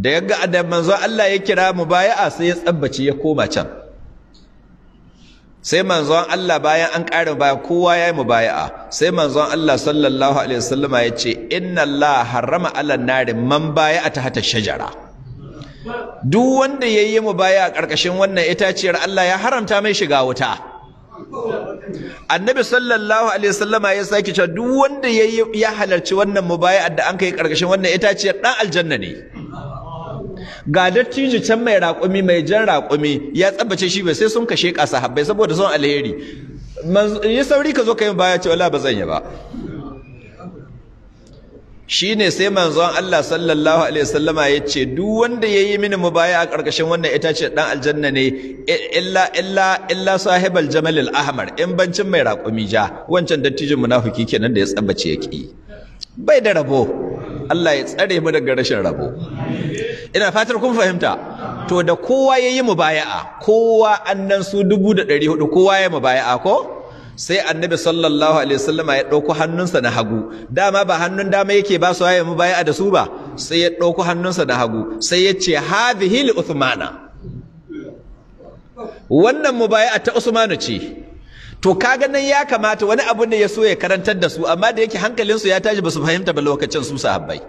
da ya ga da manzo Allah ya kira mu baya'a sai ya tsabbace ya koma can sai manzon Allah bayan an ƙara baya kowa ya yi mu sai manzon Allah sallallahu alaihi wasallama ya ce inna Allah harrama ala nari man baya'a ta hata shajara duk wanda ya yi mu baya a ƙarƙashin wannan itaciyar Allah ya haramta mai shiga wuta annabi sallallahu alaihi wasallam ya sake cewa duk wanda ya halarci wannan mubaya'ar da an kai karkashin wannan itaciyar dan aljanna ne ga dattijo can mai raƙumi mai jan raƙumi ya tsabbace shi bai sai sun kashe ƙasa habbai saboda son alheri yi sauri ka zo ka yi baya ce wala ba zan yi ba Shi ne sai manzon Allah sallallahu alaihi wasallama ce duk wanda ya yi mini mubaya a karkashin wannan itace dan aljanna ne illa illa illa sahibal jamalil ahmar in bancin mai raƙumi ja wancan dattijin munafiki kenan da ya tsabbace yake. bai da rabo Allah ya tsare mu daga rashin rabo ina fatar kun fahimta to da kowa ya yayi mubaya'a kowa annan su dubu da ɗari hudu kowa ya mubaya'a ko sai annabi sallallahu alaihi wasallama ya dauko hannunsa na hagu dama ba hannun dama yake ba su haye mu bai'a da su ba sai ya dauko hannunsa na hagu sai ya ce hadhihi li uthmana wannan mu mubai'a ta usmanu ce to kaga nan ya kamata wani abu ne ya so ya karantar da su amma da yake su ya tashi ba su fahimta ba lokacin su sahabbai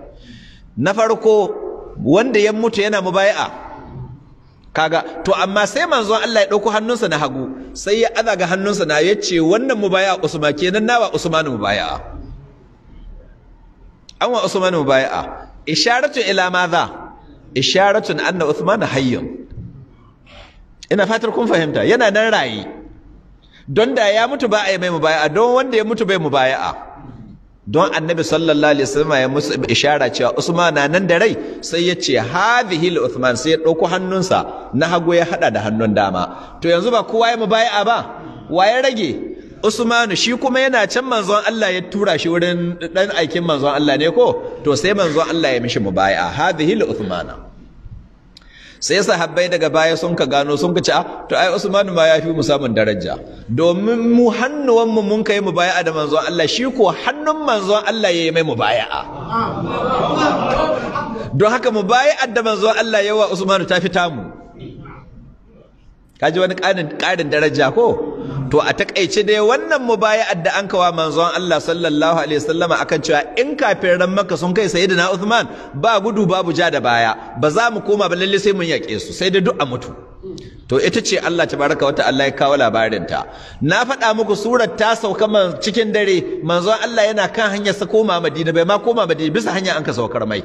na farko wanda ya mutu yana mubai'a kaga to amma sai manzon Allah ya dauko hannunsa na hagu sai ya aza ga hannunsa na ya ce wannan mu baya usman kenan nawa usmanu mu baya an wa usmanu mu baya isharatu ila madha isharatun anna usman hayyun ina fatar kun fahimta yana nan rayi don da ya mutu ba a yi mai mubaya'a don wanda ya mutu bai mubaya'a don annabi sallallahu alaihi wasallam ya musu ishara cewa Usman na nan da rai sai ya ce hadhihi Uthman sai ya dauko hannunsa na hagu ya hada da hannun dama to yanzu ba kowa ya mubai'a ba wa ya rage Usmanu shi kuma yana can manzon Allah ya tura shi wurin dan aikin manzon Allah ne ko to sai manzon Allah ya mishi mubai'a hadhihi Uthmana sai sahabbai daga baya sun ka gano sun ka ce a ah, to ai Usman ma ya fi mu samun daraja domin mu hannuwan mu mun kai mu baya da manzon Allah shi ko hannun manzon Allah yayi mai mu baya don haka mu baya da manzon Allah yawa Usman ta fita mu kaji wani ƙarin daraja ko to a takaice dai wannan mubaya'ar da an kawa manzon Allah sallallahu alaihi wasallama akan cewa in kafin ran maka sun kai sayyidina Uthman ba gudu babu ja da baya ba za mu koma ba lalle sai mun yake su sai dai duk a mutu to ita ce Allah tabaraka wa ta'ala ya kawo labarin ta na faɗa muku surar ta sauka man cikin dare manzon Allah yana kan hanyar sa koma Madina bai ma koma Madina bisa hanya an ka saukar mai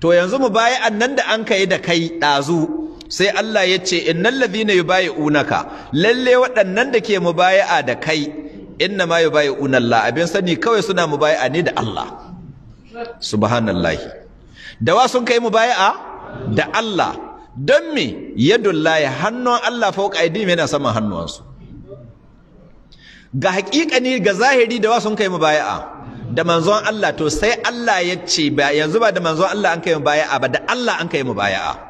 to yanzu mubaya'an nan da an kai da kai ɗazu sai Allah ya ce innal ladhina unaka? lalle waɗannan da ke mubaya'a da kai inna ma yubayi'una Allah abin sani kawai suna mubaya'a ne da Allah subhanallahi da wa sun kai mubaya'a da Allah don me yadullahi hannun Allah aidi mai yana saman hannuwansu ga haƙiƙani ga zahiri da wa sun kai mubaya'a da manzon Allah to sai Allah ya ce yanzu ba da manzon Allah an kai mu baya'a ba da Allah an kai mu baya'a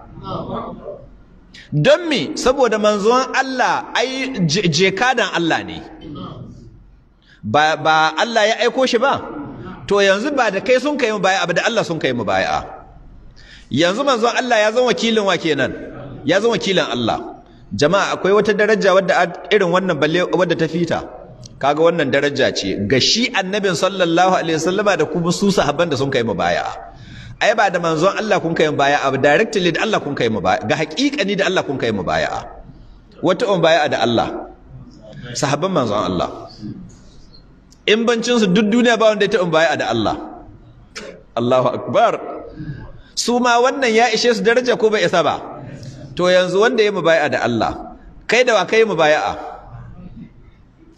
don me saboda manzon Allah ai jekadan Allah ne ba ba Allah ya aiko shi ba to yanzu ba da kai sun kai mu baya ba da Allah sun kai mu baya yanzu manzon Allah ya zama wakilin wa kenan ya zama wakilin Allah jama'a akwai wata daraja wadda irin wannan balle wadda ta fita kaga wannan daraja ce ga shi annabin sallallahu alaihi wasallama da kuma su sahabban da sun kai mu baya ai ba da manzon Allah kun kai baya ba directly da Allah kun kai baya ga ni da Allah kun kai mubaya'a wata baya da Allah sahabban manzon Allah in bancin su duk duniya ba wanda ta on baya da Allah Allahu akbar su ma wannan ya ishe su daraja ko bai isa ba to yanzu wanda ya baya da Allah kai da wa kai mubaya'a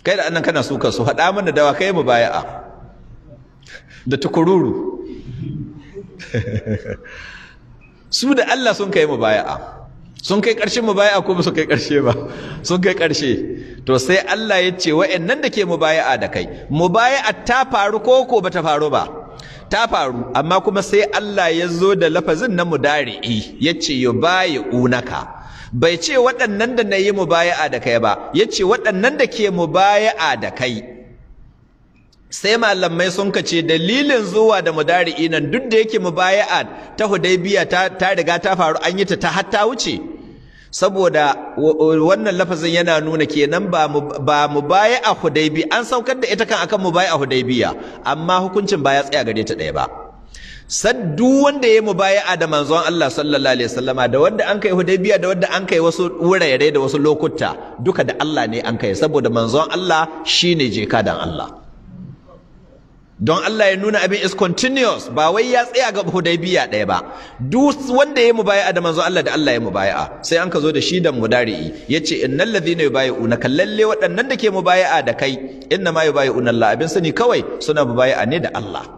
kai da annan kana suka su Hada mana da wa kai mubaya'a da tukururu su da Allah sun kai mubaya'a sun kai ƙarshen mubaya'a ko ba su kai ƙarshe ba sun kai ƙarshe to sai Allah ya ce wa'annan da ke mubaya'a da kai mubaya'a ta faru ko ko ba ta faru ba ta faru amma kuma sai Allah ya zo da lafazin na mudari'i ya ce yubayi'unaka bai ce waɗannan da na yi mubaya'a da kai ba ya ce waɗannan da ke mubaya'a da kai sai malamai sun ka ce dalilin zuwa da mudari'i nan duk da yake mubaya'a ta hudaybiya ta ta riga ta faru an yi ta ta hatta wuce saboda wannan lafazin yana nuna kenan ba ba mubaya'a hudaybi an saukar da ita kan akan mubaya'a hudaybiya amma hukuncin ba ya tsaya gare ta ɗaya ba saddu wanda ya mubaya'a da manzon Allah sallallahu alaihi wasallama da wanda an kai Hudaybiya da wanda an kai wasu wurare da wasu lokuta duka da Allah ne an kai saboda manzon Allah shine jekadan Allah don Allah ya nuna abin is continuous ba wai ya tsaya ga hudaybiya ɗaya ba duk wanda ya mubaya da manzo Allah da Allah ya mubaya'a sai an ka zo da shi da mudari'i yace innal ladhina yubayuna kallalle waɗannan da ke mubaya'a da kai inna ma yubayuna Allah abin sani kawai suna mubaya'a ne da Allah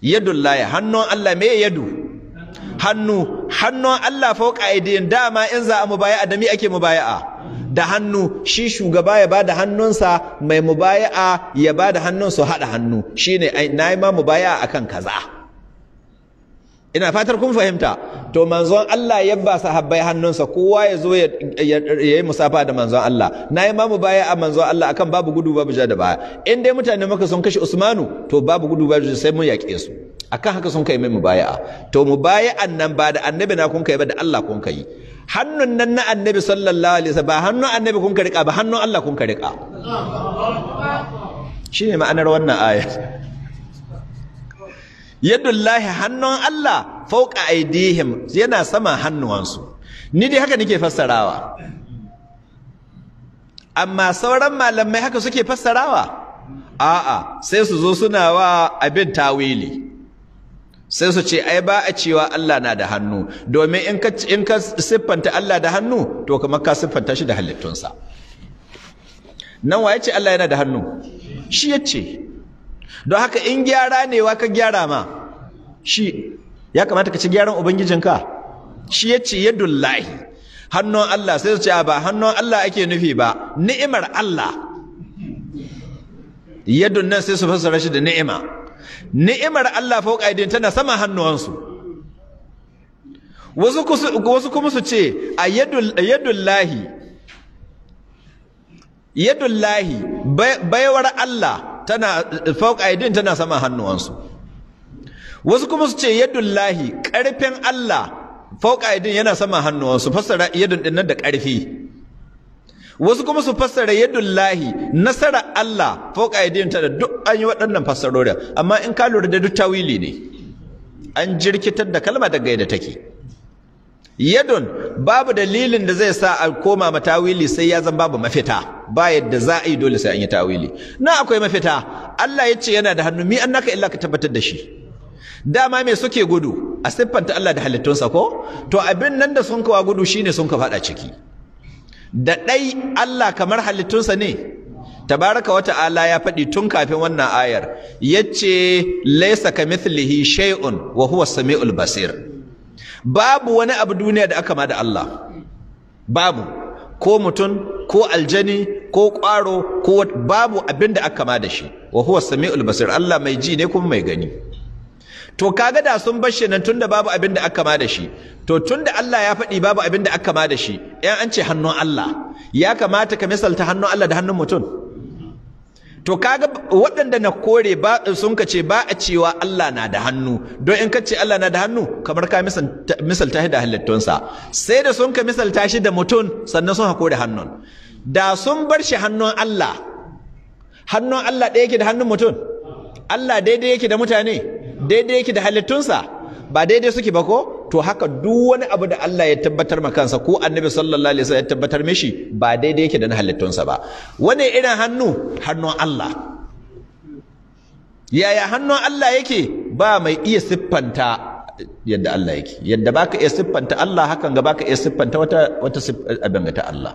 yadullahi hannun Allah me yadu hannu hannun Allah fauka aidiyin dama in za a mubaya'a da mi ake mubaya'a da hannu shi shugaba ya bada hannunsa mai mubaya'a ya bada hannun su hada hannu shine na ma mubaya'a akan kaza ina fatar kun fahimta to manzon Allah ya ba sahabbai hannunsa kowa ya zo ya yi musafa da manzon Allah na yi ma mubaya'a manzon Allah akan babu gudu babu ja da baya in dai mutane maka sun kashe Usmanu to babu gudu babu sai mun yaƙe su akan haka sun kai mai mubaya'a to mubaya'an nan ba da annabi na kun kai ba da Allah kun kai hannun nan na annabi sallallahu alaihi wasallam ba hannun annabi kun ka ba hannun Allah kun ka rika shine ma'anar wannan aya yadullahi hannun Allah fauka aidihim yana sama hannuwansu ni dai haka nake fassarawa amma sauran malamai haka suke fassarawa a'a sai su zo suna wa abin tawili sai su ce ai ba a cewa Allah na da hannu domin in ka in ka siffanta Allah da hannu to kamar ka siffanta shi da halittunsa nan wa ce Allah yana da hannu shi yace don haka in gyara ne wa ka gyara ma shi ya kamata ka ci gyaran ubangijinka shi yace yadullahi hannun Allah sai su ce ba hannun Allah ake nufi ba ni'imar Allah yadun nan sai su fassara shi da ni'ima ni'imar Allah fauka aidin tana sama hannuwansu wasu kuma su ce a yadullahi yadullahi baiwar Allah tana fauka aidin tana sama hannuwansu wasu kuma su ce yadullahi karfin Allah fauka yana sama hannuwansu Fasara, yadun nan da ƙarfi wasu kuma su fassara yadullahi nasara Allah fauka ta da duk an yi waɗannan fassarori amma in ka lura da duk tawili ne an jirkitar da kalma daga yadda take yadun babu dalilin da zai sa a koma ma tawili sai ya zan babu mafita ba yadda za a yi dole sai an yi tawili na akwai mafita Allah ya ce yana da hannu mi annaka illa ka tabbatar da shi dama me suke gudu a siffanta Allah da halittunsa ko to abin nan da sun kawa gudu shine sun ka faɗa ciki da ɗai Allah kamar halittunsa ne tabaraka wata ta'ala ya faɗi tun kafin wannan ayar yace laysa kamithlihi shay'un wa huwa samiul basir babu wani abu duniya da aka ma da Allah babu ko mutum ko aljani ko ƙwaro ko babu abin da aka ma da shi wa huwa samiul basir Allah mai ji ne kuma mai gani to kaga da sun bar shi nan tunda babu abin da aka ma da shi to tunda Allah ya faɗi babu abin da aka ma da shi ɗan an ce hannun Allah ya kamata ka misalta hannun Allah da hannun mutum to kaga waɗanda na kore ba sun ka ce ba a cewa Allah na da hannu don in ka ce Allah na da hannu kamar ka misalta shi da halittunsa sai da sun ka misalta shi da mutum sannan sun hako da hannun da sun bar shi hannun Allah hannun Allah ɗaya yake da hannun mutum Allah daidai yake da mutane daidai yake da halittunsa ba daidai suke ba ko to haka duk wani abu da Allah ya tabbatar ma kansa ko Annabi sallallahu alaihi wasallam ya tabbatar mishi ba daidai yake da na halittunsa ba wani irin hannu hannun Allah yaya hannun Allah yake ba mai iya siffanta yadda Allah yake yadda baka iya siffanta Allah hakan ga baka iya siffanta wata wata abin ta Allah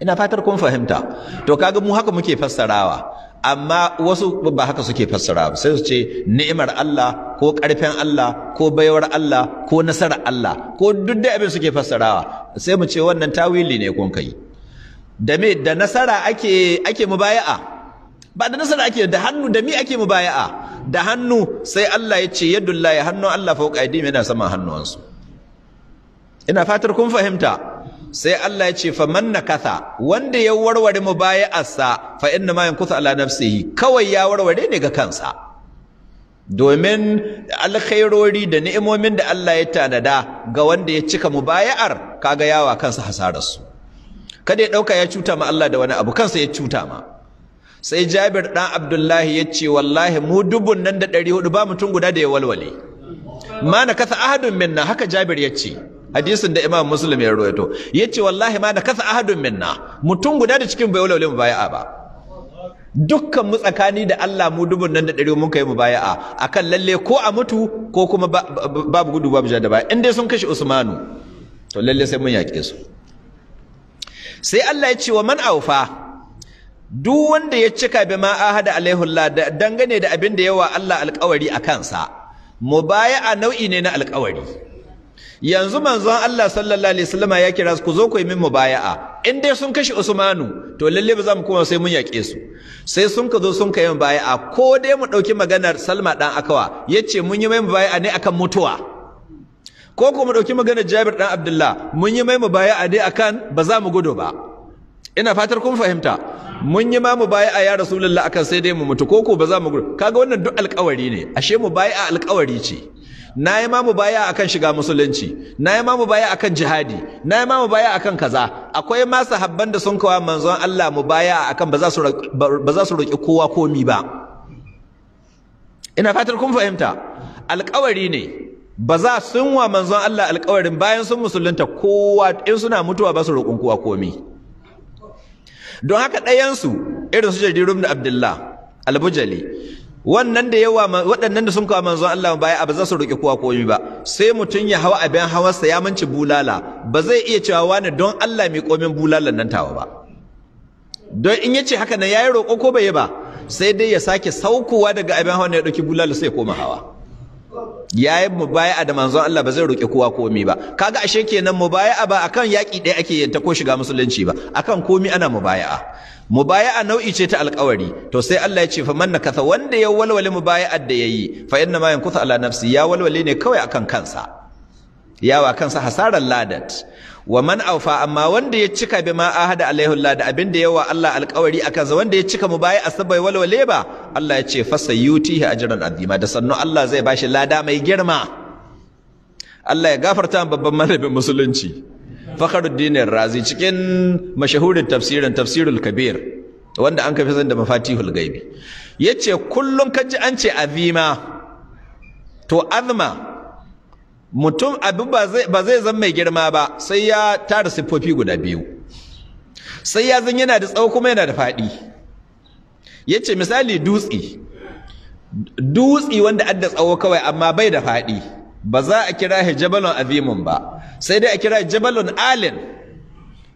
ina fatar kun fahimta to kaga mu haka muke fassarawa amma wasu ba haka suke fassara ba sai su ce ni'imar Allah ko ƙarfin Allah ko baiwar Allah ko nasara Allah ko duk da abin suke fassarawa sai mu ce wannan tawili ne kun kai da me da nasara ake ake mubaya'a ba da nasara ake da hannu da me ake mubaya'a da hannu sai Allah ya ce yadullahi hannu Allah fawqa aydihim yana sama hannuwansu ina fatar kun fahimta sai Allah ya ce fa faman nakatha wanda ya warware mubaya'arsa fa inna ma yankuthu ala nafsihi kawai ya warware ne ga kansa domin alkhairori da ni'imomin da Allah ya tanada ga wanda ya cika mubaya'ar kaga yawa kansa hasararsu kada ya ɗauka ya cuta ma Allah da wani abu kansa ya cuta ma sai Jabir dan Abdullahi ya ce wallahi mu dubun nan da ɗari 400 ba mutum guda da ya walwale ma nakatha ahadun minna haka Jabir ya ce hadisin da imam muslim ya rawaito yace wallahi ma da kasa ahadun minna mutum guda da cikin bai walaule baya'a ba dukkan mu tsakani da Allah mu dubun nan da dare mun kai baya'a akan lalle ko a mutu ko kuma babu gudu babu jada baya in sun kashe usmanu to lalle sai mun yaƙe su sai Allah ya ce wa man aufa duk wanda ya cika bi ma ahada Allah dangane da abin da yawa Allah alƙawari a kansa mubaya'a nau'i ne na alƙawari yanzu manzon Allah sallallahu alaihi wasallama ya kira su ku zo ku yi min mubaya'a in dai sun kashe Usmanu to lalle ba za mu koma sai mun yaƙe su sai sun ka zo sun ka yi mubaya'a ko dai mu ɗauki maganar Salma dan Akawa yace mun yi mai mubaya'a ne akan mutuwa ko ko mu ɗauki maganar Jabir dan Abdullah mun yi mai mubaya'a ne akan ba za mu gudu ba ina fatar kun fahimta mun yi ma mubaya'a ya rasulullah akan sai dai mu mutu ko ko ba za mu gudu kaga wannan duk alƙawari ne ashe mubaya'a alƙawari ce na yi mamu baya akan shiga musulunci na yi mamu baya akan jihadi na yi mamu baya akan kaza akwai masu habban da sun kawo manzon Allah mu baya akan ba za su roƙi kowa komi ba ina fatar kun fahimta alƙawari ne ba za sun wa manzon Allah alƙawarin bayan sun musulunta kowa in suna mutuwa ba su roƙon kowa komi don haka ɗayansu irin su jadirun da abdullah albujali wannan da yawa waɗannan da sun kawo manzon Allah baya ba za su roƙi kowa komai ba sai mutum ya hawa abin hawarsa ya manci bulala ba zai iya cewa wani don Allah mai komin bulalan nan tawa ba don in yace haka nan yayi roƙo ko bai yi ba sai dai ya sake saukowa daga abin hawa ne ya ɗauki bulala sai ya koma hawa yayi mubaya'a da manzon Allah ba zai roƙi kowa komai ba kaga ashe kenan mubaya'a ba akan yaƙi ɗaya ake yanta ko shiga musulunci ba akan komi ana mubaya'a mubaya'a nau'i ce ta alƙawari to sai Allah ya ce fa man nakatha wanda ya walwale mubaya'ar da yayi fa inna ma yankutha ala nafsi ya walwale ne kawai akan kansa yawa kansa hasaran ladat wa man aufa amma wanda ya cika bi ma ahada alaihi abin abinda yawa Allah alƙawari akan sa wanda ya cika mubaya'a sabai walwale ba Allah ya ce sayutihi ajran azima da sannu Allah zai bashi lada mai girma Allah ya gafarta babban malamin musulunci fakhruddin razi cikin mashahurin tafsirin tafsirul kabir wanda an kafi san da mafatihul Ghaibi yace kullum kaji an ce azima to azma mutum abu ba zai ba zai zama mai girma ba sai ya tara siffofi guda biyu sai ya zan yana da tsawo kuma yana da fadi yace misali dutsi dutsi wanda adda tsawo kawai amma bai da fadi ba za a kira shi jabalun azimun ba sai dai a kira jabalun alin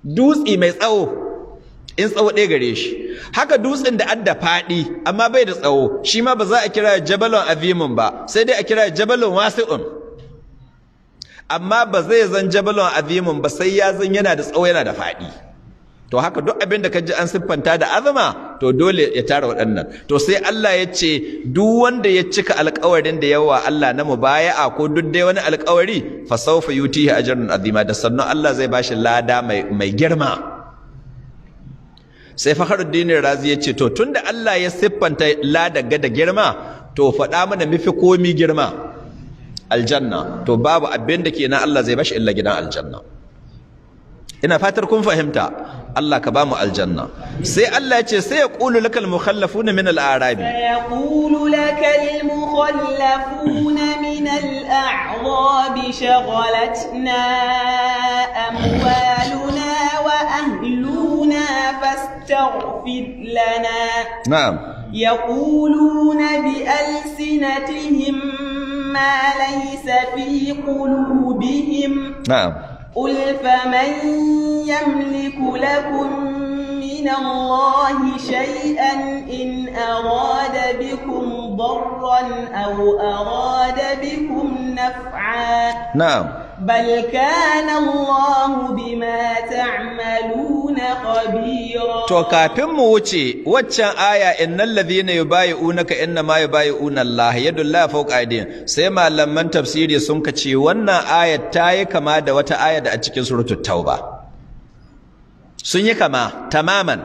dutsi mai tsawo in tsawo ɗaya gare shi haka dutsen da adda faɗi amma bai da tsawo shi ma ba za a kira jabalon azimun ba sai dai a kira jabalon wasi'un amma ba zai zan jabalon azimun ba sai ya zan yana da tsawo yana da faɗi to haka duk abin da ka ji an siffanta da azama to dole ya tara waɗannan to sai Allah ya ce duk wanda ya cika alƙawarin da yawa Allah na mubaya'a ko duk dai wani alƙawari fa sawfa yutihi ajrun azima da sannan Allah zai bashi lada mai mai girma sai Fakhruddin Razi ya ce to tunda Allah ya siffanta lada ga da girma to faɗa mana mifi komi girma aljanna to babu abin da kenan Allah zai bashi illa gidan aljanna ina fatar kun fahimta الله كبام الجنة سي الله يتش سيقول لك المخلفون من الأعراب سيقول لك المخلفون من الأعراب شغلتنا أموالنا وأهلنا فاستغفر لنا نعم يقولون بألسنتهم ما ليس في قلوبهم نعم قل فمن يملك لكم من shaiɗan شيئا إن أراد بكم ضرا أو أراد بكم نفعا نعم بل كان الله بما تعملون خبيرا to kafin mu wuce waccan aya innal ladhina yubayi'unaka innama yubayi'una Allah yadullahi fawqa aydin sai malaman tafsiri sun kace wannan ayat tayi kama da wata aya a cikin suratul tauba sun yi kama tamaman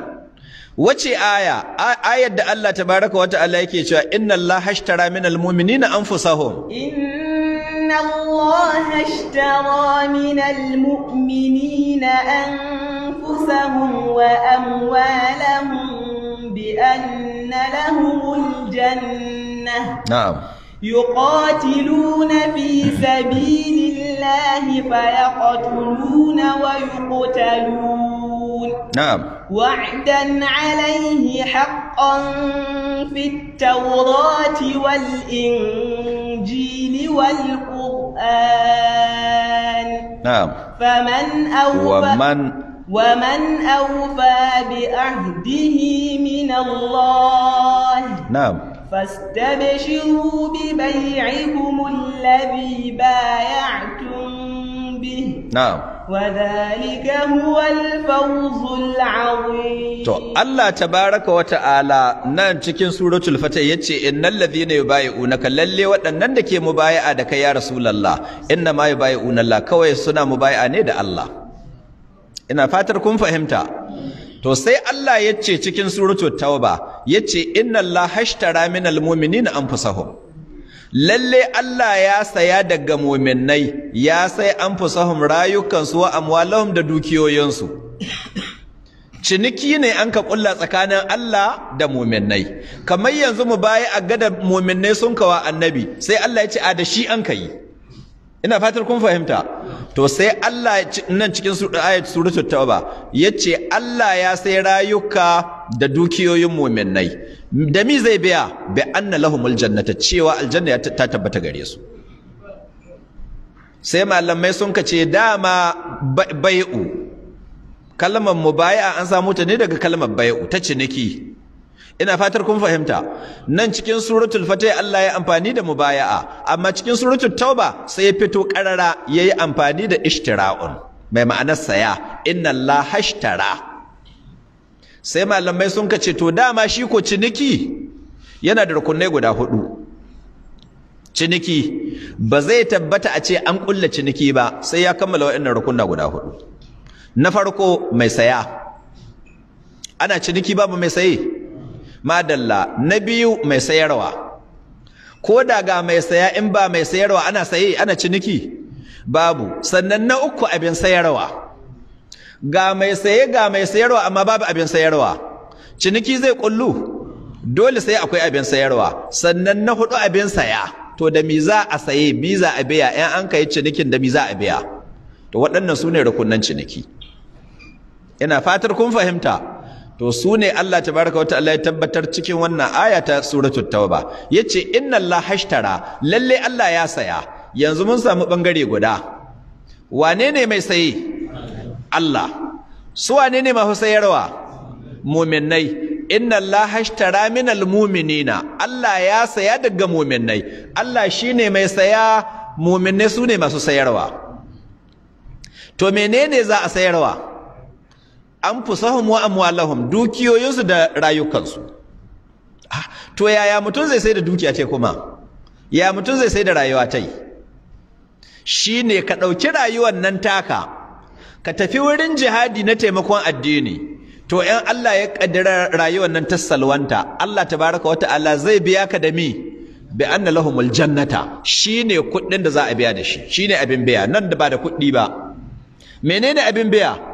wace aya ayar da Allah tabaraka wa ta'ala yake cewa inna Allah hashtara minal mu'minina anfusahum inna Allah hashtara minal mu'minina anfusahum wa amwalahum bi anna lahumul jannah na'am يقاتلون في سبيل الله فيقتلون ويقتلون نعم وعدا عليه حقا في التوراة والإنجيل والقرآن نعم فمن أوفى ومن ومن أوفى بعهده من الله نعم فاستبشروا ببيعكم الذي بايعتم به نعم وذلك هو الفوز العظيم تو الله تبارك وتعالى nan cikin suratul fatah yace innal ladhina Ka lalle waɗannan da ke da kai ya rasulullah inna ma yubayyi'una Allah kawai suna mubaya'a ne da Allah ina fatar kun fahimta to sai Allah yace cikin suratul tauba yace inna Allah hashtara an mu'minina anfusahum lalle Allah ya saya daga mu'minnai ya sai anfusahum rayukansu wa amwalahum da dukiyoyinsu ciniki ne an ka kulla tsakanin Allah da mu'minnai kamar yanzu mu baya a gada mu'minnai sun kawa annabi sai Allah ya ce a da shi an yi. ina fatar kun fahimta to sai Allah nan cikin ayat suratul tauba yace Allah ya sai rayuka da dukiyoyin mu'minai da mi zai biya bi anna lahumul jannata cewa aljanna ta tabbata gare su sai malamai sun kace dama bai'u kalmar mubai'a an samu ta ne daga kalmar bai'u ta ciniki ina fatar kun fahimta nan cikin suratul fatih Allah ya amfani da mubaya'a amma cikin suratul tauba sai ya fito karara yayi amfani da ishtira'un mai ma'anar saya inna Allah hashtara sai malamai sun kace to dama shi ko ciniki yana da rukunai guda hudu ciniki ba zai tabbata a ce an kulla ciniki ba sai ya kammala wa'annan rukunna guda hudu na farko mai saya ana ciniki babu mai saye madalla na biyu mai sayarwa ko da ga mai saya in ba mai sayarwa ana saye ana ciniki babu sannan na uku abin sayarwa ga mai saye ga mai sayarwa amma babu abin sayarwa ciniki zai kullu dole sai akwai abin sayarwa sannan na hudu abin saya to da mi za a saye mi za a biya in an kai cinikin da mi za a biya to waɗannan su ne rukunan ciniki ina fatar kun fahimta to su ne Allah tabaraka wata'ala ya tabbatar cikin wannan aya ta suratul tauba yace inna Allah hashtara lalle Allah ya saya yanzu mun samu bangare guda wane ne mai saye Allah su wane ne masu sayarwa mu'minai inna Allah hashtara minal mu'minina Allah ya saya daga mu'minai Allah shine mai saya mu'minai su ne masu sayarwa to menene za a sayarwa An sahun wa amwalahum dukiyoyinsu da rayukansu ah, to yaya mutum zai sai da dukiya ce kuma ya mutum zai sai da rayuwa ta? Shi ne ka ɗauki rayuwar nan taka ka tafi wurin jihadi na taimakon addini to 'yan Allah ya kaddara rayuwar nan ta salwanta Allah baraka wata 'Allah zai biya ka da mi bi na lahumul jannata ne kuɗin da za a biya da shi Shi ne abin biya nan da ba da kuɗi ba menene abin biya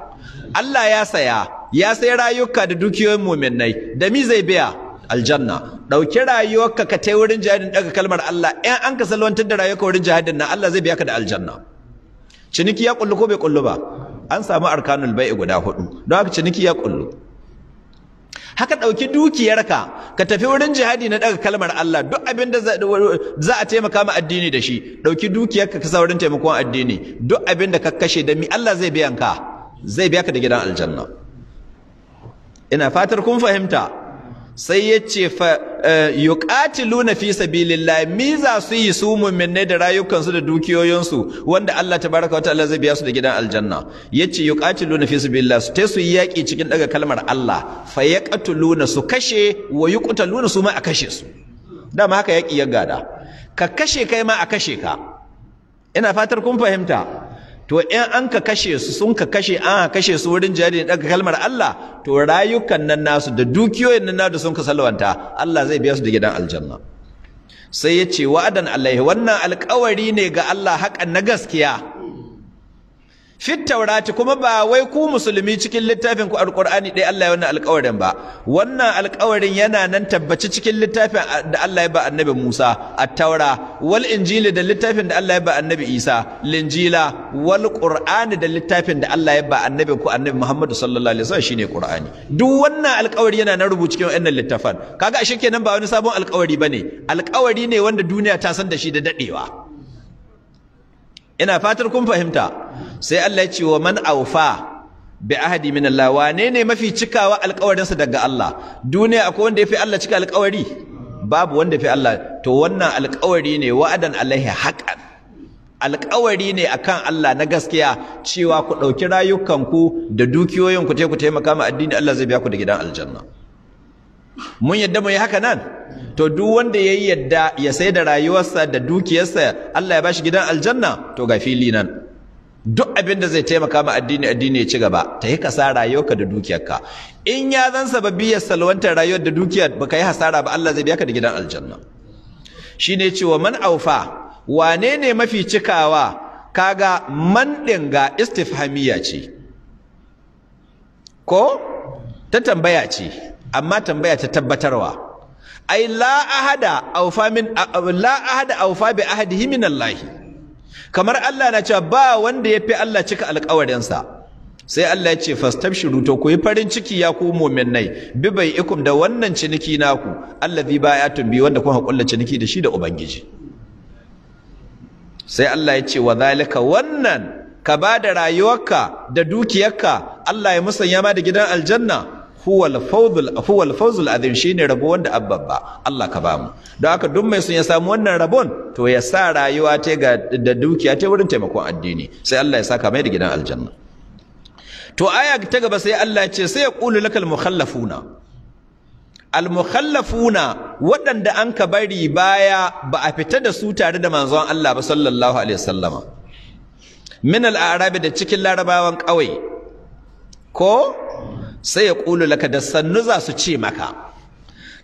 Allah ya saya ya sai rayuka da dukiyoyin mu'minai da mi zai biya aljanna dauki rayuwarka ka tai wurin jihadin daga kalmar Allah in an ka salwantar da rayuwarka wurin jihadin nan Allah zai biya ka da aljanna ciniki ya kullu ko bai kullu ba an samu arkanul bai'i guda hudu don haka ciniki ya kullu haka dauki dukiyarka ka tafi wurin jihadi na daga kalmar Allah duk abin da za a taimaka ma addini da shi ɗauki dukiyarka ka sa wurin taimakon addini duk abin da ka kashe da mi Allah zai biyan ka zai biya ka da gidan aljanna ina fatar kun fahimta sai ya ce eh, na fi sabilillah mi za su yi su mu'minne da rayukansu da dukiyoyinsu wanda Allah tabaraka Allah zai biya su da gidan aljanna yace na fi sabilillah su su yi yaƙi cikin daga kalmar Allah fa na su kashe wa na su ma a kashe su dama haka yaƙi ya gada ka kashe kai ma a kashe ka ina fatar kun fahimta to in an ka kashe su sun ka kashe an ka kashe su wurin jari daga kalmar Allah to rayukan nan nasu da dukiyoyin nan da sun ka salwanta Allah zai biya su da gidan aljanna sai ya ce wa'adan Allah wannan alƙawari ne ga Allah haƙan na gaskiya fit taurati kuma ba wai ku musulmi cikin littafin ku alqur'ani dai Allah ya wannan alƙawarin ba wannan alƙawarin yana nan tabbaci cikin littafin da Allah ya ba annabi Musa at-taura wal injili da littafin da Allah ya ba annabi Isa linjila wal qur'ani da littafin da Allah ya ba annabi ku annabi Muhammadu sallallahu alaihi wasallam shine qur'ani duk wannan alƙawari yana nan rubuce cikin wannan littafin kaga ashe kenan ba wani sabon alƙawari bane alƙawari ne wanda duniya ta san da shi da dadewa ina fatar kun fahimta sai Allah ya ce wa man aufa bi ahadi min Allah wane ne mafi cikawa alƙawarinsa daga Allah duniya akwai wanda ya fi Allah cika alƙawari babu wanda fi Allah to wannan alƙawari ne wa'adan alaihi haqqan alƙawari ne akan Allah na gaskiya cewa ku ɗauki rayukanku da dukiyoyinku je ku taimaka ma addini Allah zai biya ku da gidan aljanna mun yadda mu yi haka nan to duk wanda ya yi yadda ya sai da rayuwarsa da dukiyarsa Allah ya bashi gidan aljanna to ga fili nan duk abin da zai taimaka ma addini addini ya ci gaba ta yi kasa rayuwa da dukiyarka in ya zan sababiyar salwantar rayuwar da dukiyar ka yi hasara ba Allah zai biya ka da gidan aljanna ne cewa man aufa wane ne mafi cikawa kaga man din ga istifhamiya ce ko ta tambaya ce amma tambaya ta tabbatarwa ai la ahada aufa min la ahada aufa bi ahadihi min kamar Allah na cewa ba wanda ya fi Allah cika alkawarinsa sai Allah ya ce fastabshiru to ku yi farin ciki ya ku mu'minnai bi bai ikum da wannan ciniki naku allazi ya tumbi wanda kun kulla ciniki da shi da ubangiji sai Allah ya ce wa zalika wannan ka ba da rayuwarka da dukiyarka Allah ya musanya ma da gidan aljanna huwal fawzul huwal fawzul azim shine rabo wanda abbabba Allah ka bamu don haka duk mai sun ya samu wannan rabon to ya sa rayuwa ta ga da dukiya ta wurin taimakon addini sai Allah ya saka mai da gidan aljanna to aya ta gaba sai Allah ya ce sai ya qulu lakal mukhallafuna al-mukhallafuna waɗanda an ka bari baya ba a fita da su tare da manzon Allah ba sallallahu alaihi wasallama min al-arabi da cikin larabawan ƙauye ko sai ya ƙulu laka da sannu za su ce maka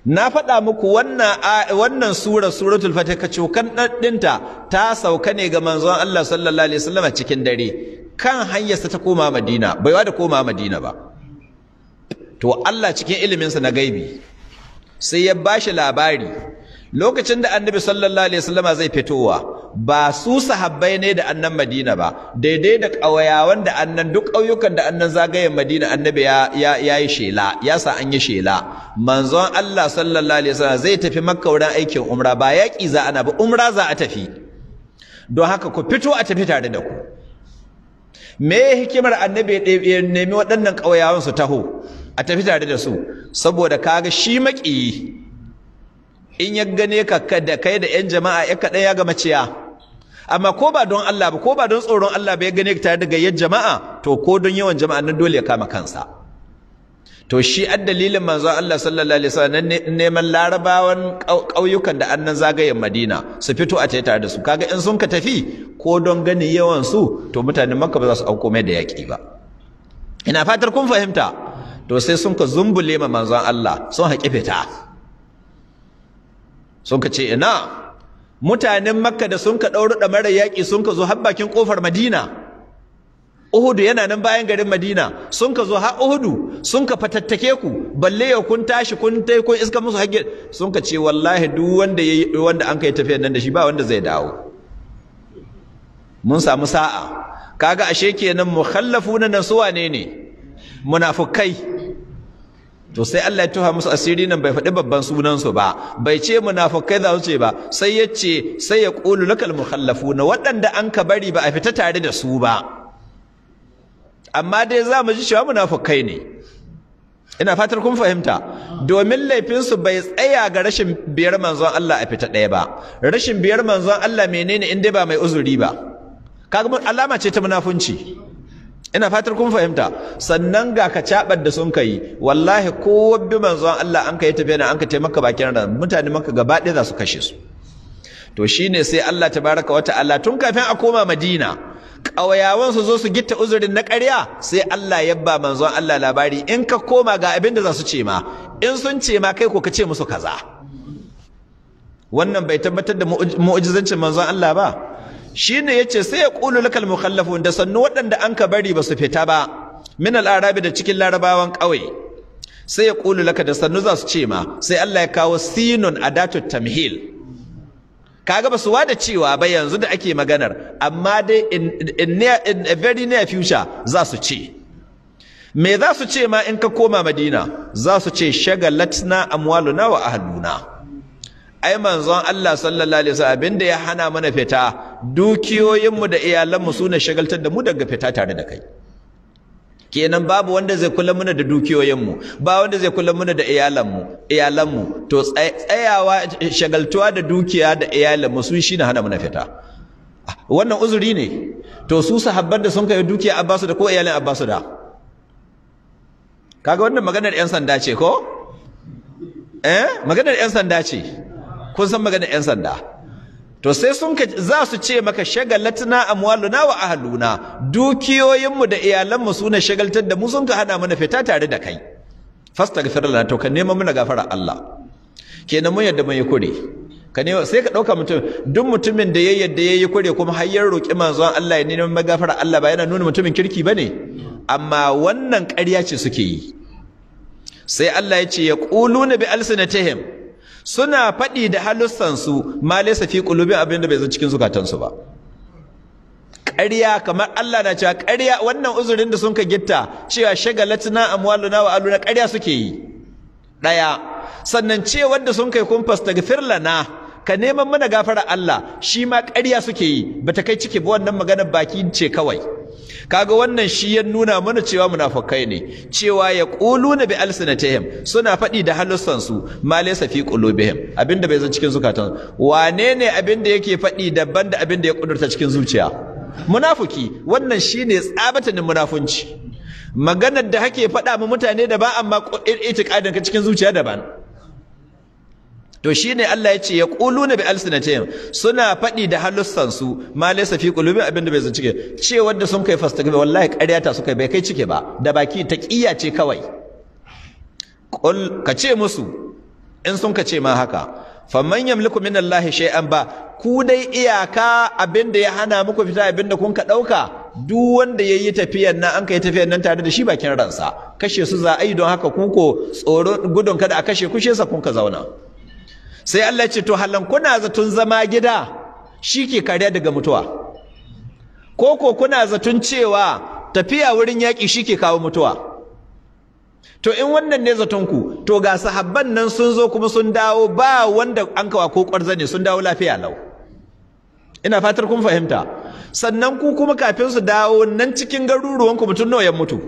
na faɗa muku wannan surar sura suratul fatih ka cokan ɗinta ta sauka ne ga manzon Allah sallallahu alaihi wasallam cikin dare kan hanyarsa ta koma Madina baiwa da koma Madina ba to Allah cikin iliminsa na gaibi sai ya bashi labari lokacin da annabi sallallahu alaihi wasallam zai fitowa ba su sahabbai ne da annan madina ba daidai da ƙawayawan da annan duk ƙauyukan da annan zagayen madina annabi ya yi shela ya sa an yi shela manzon Allah sallallahu alaihi wasallam zai tafi makka wurin aikin umra ba yaƙi za ana ba umra za a tafi don haka ku fito a tafi tare da ku me hikimar annabi ya nemi waɗannan ƙawayawan su taho a tafi tare da su saboda kaga shi maƙiyi in ya gane ka da kai da yan jama'a ya kaɗan ya gama ciya amma ko ba don Allah ba ko ba don tsoron Allah ba ya gane ka tare da gayyar jama'a to ko don yawan jama'a nan dole ya kama kansa to shi ad dalilin manzo Allah sallallahu alaihi wasallam neman larabawan ƙauyukan da annan zagayen Madina su fito a tare da su kaga in sun ka tafi ko don gani yawan su to mutanen Makka ba za su auko mai da yaki ba ina fatar kun fahimta to sai sun ka zumbule ma manzon Allah sun haƙi fita suka ce ina mutanen makka da sun ka da mara yaƙi sun ka zo har bakin ƙofar madina uhudu yana nan bayan garin madina sun ka zo har uhudu sun ka fatattake ku balle ya kun tashi kun tai kun iska musu hagge sun ka ce wallahi duk wanda wanda an kai tafiyar nan da shi ba wanda zai dawo mun samu sa'a kaga ashe kenan mukhallafuna nan su wane ne munafukai to sai Allah ya tuha musu asiri nan bai faɗi babban sunansu ba bai ce munafukai za su ce ba sai ya ce sai ya ƙulu lakal na waɗanda an ka bari ba a fita tare da su ba amma dai za mu ji cewa munafukai ne ina fatar kun fahimta domin laifinsu bai tsaya ga rashin biyar manzon Allah a fita ɗaya ba rashin biyar manzon Allah menene in dai ba mai uzuri ba kaga alama ce ta munafunci ina fatar kun fahimta sannan ga ka caɓar da sun kai wallahi ko bi manzon Allah an kai tafiya na an ka taimaka bakin ran mutane maka gaba ɗaya za su kashe su to shine sai Allah ta baraka wata Allah tun kafin a koma Madina ƙawayawan su zo su gitta uzurin na ƙarya sai Allah ya ba manzon Allah labari in ka koma ga abin da za su ce ma in sun ce ma kai ko ka ce musu kaza wannan bai tabbatar da mu'ujizancin manzon Allah ba Shi shine yace sai ya ƙulu lakal mukhallafun da sannu waɗanda an ka bari ba su fita ba min al da cikin larabawan kauye sai ya ƙulu laka da sannu za su ce ma sai Allah ya kawo sinun adatut tamhil kaga ba su wada cewa ba yanzu da ake maganar amma dai in a very near future za su ce me za su ce ma in ka koma madina za su ce shagalatna amwaluna wa ahluna ai manzon Allah sallallahu alaihi wasallam abinda ya hana mana fita dukiyoyinmu da iyalanmu su ne shagaltar da mu daga fita tare da kai kenan babu wanda zai kula mana da dukiyoyinmu ba wanda zai kula mana da iyalanmu iyalanmu to tsayawa shagaltuwa da dukiya da iyalanmu su shine hana mana fita wannan uzuri ne to su sahabban da sun kai dukiya Abbasu da ko iyalin Abbasu da kaga wannan maganar yan sanda ce ko eh maganar yan sanda ce kun san magana yan sanda to sai sun ka za su ce maka shagalatna amwaluna wa ahluna dukiyoyinmu da iyalanmu su ne shagaltar da mu sun ka hada mana fita tare da kai fastaghfir lana to ka nema mana gafara Allah kenan mun yadda mun yi kure ka ne sai ka dauka mutum duk mutumin da ya yadda yayi kure kuma har ya roki manzon Allah ya neman magafara Allah ba yana nuna mutumin kirki bane amma wannan ƙarya ce suke yi sai Allah ya ce ya quluna bi alsinatihim suna faɗi da halussansu ma laisa fi abin abinda bai zo cikin zukatansu ba ƙarya kamar Allah na cewa ƙarya wannan uzurin da sun ka gitta cewa shagalatna amwaluna wa aluna ƙarya suke yi ɗaya sannan ce wanda sun kai kun fastaghfir lana ka neman mana gafara Allah shi ma ƙarya suke yi bata kai ciki ba wannan maganar baki ce kawai kaga wannan shi ya nuna mana cewa munafukai ne cewa ya na bi alsinatihim suna faɗi da halussan su ma laysa fi qulubihim abinda bai zan cikin zukatan wane ne abinda yake faɗi daban da abinda ya kudurta cikin zuciya munafuki wannan shine ne munafunci maganar da hake faɗa ma mutane da ba amma itikadin ka cikin zuciya daban to shi ne Allah ya ce ya quluna bi alsinatihim suna faɗi da halussansu su ma laisa fi qulubihim abin da bai zan cike cewar da sun kai gaba wallahi ƙarya ta kai bai kai cike ba da baki ta ƙiya ce kawai ka ce musu in sun ka ce ma haka faman yamliku min Allah shay'an ba ku dai iyaka abin da ya hana muku fita abin da kun ka ɗauka duk wanda ya yi tafiyan nan an kai tafiyar nan tare da shi bakin ransa kashe su za a yi don haka kuko tsoron gudun kada a kashe ku shi kun ka zauna sai Allah ce to halan kuna zaton zama gida shi ke daga mutuwa ko ko kuna zaton cewa tafiya wurin yaki shi ke kawo mutuwa to in wannan ne zaton ku to ga sahabban nan sun zo kuma sun dawo ba wanda an kawa ko ƙwarza ne sun dawo lafiya lau ina fatar kun fahimta sannan ku kuma kafin su dawo nan cikin garuruwanku mutun nawa ya mutu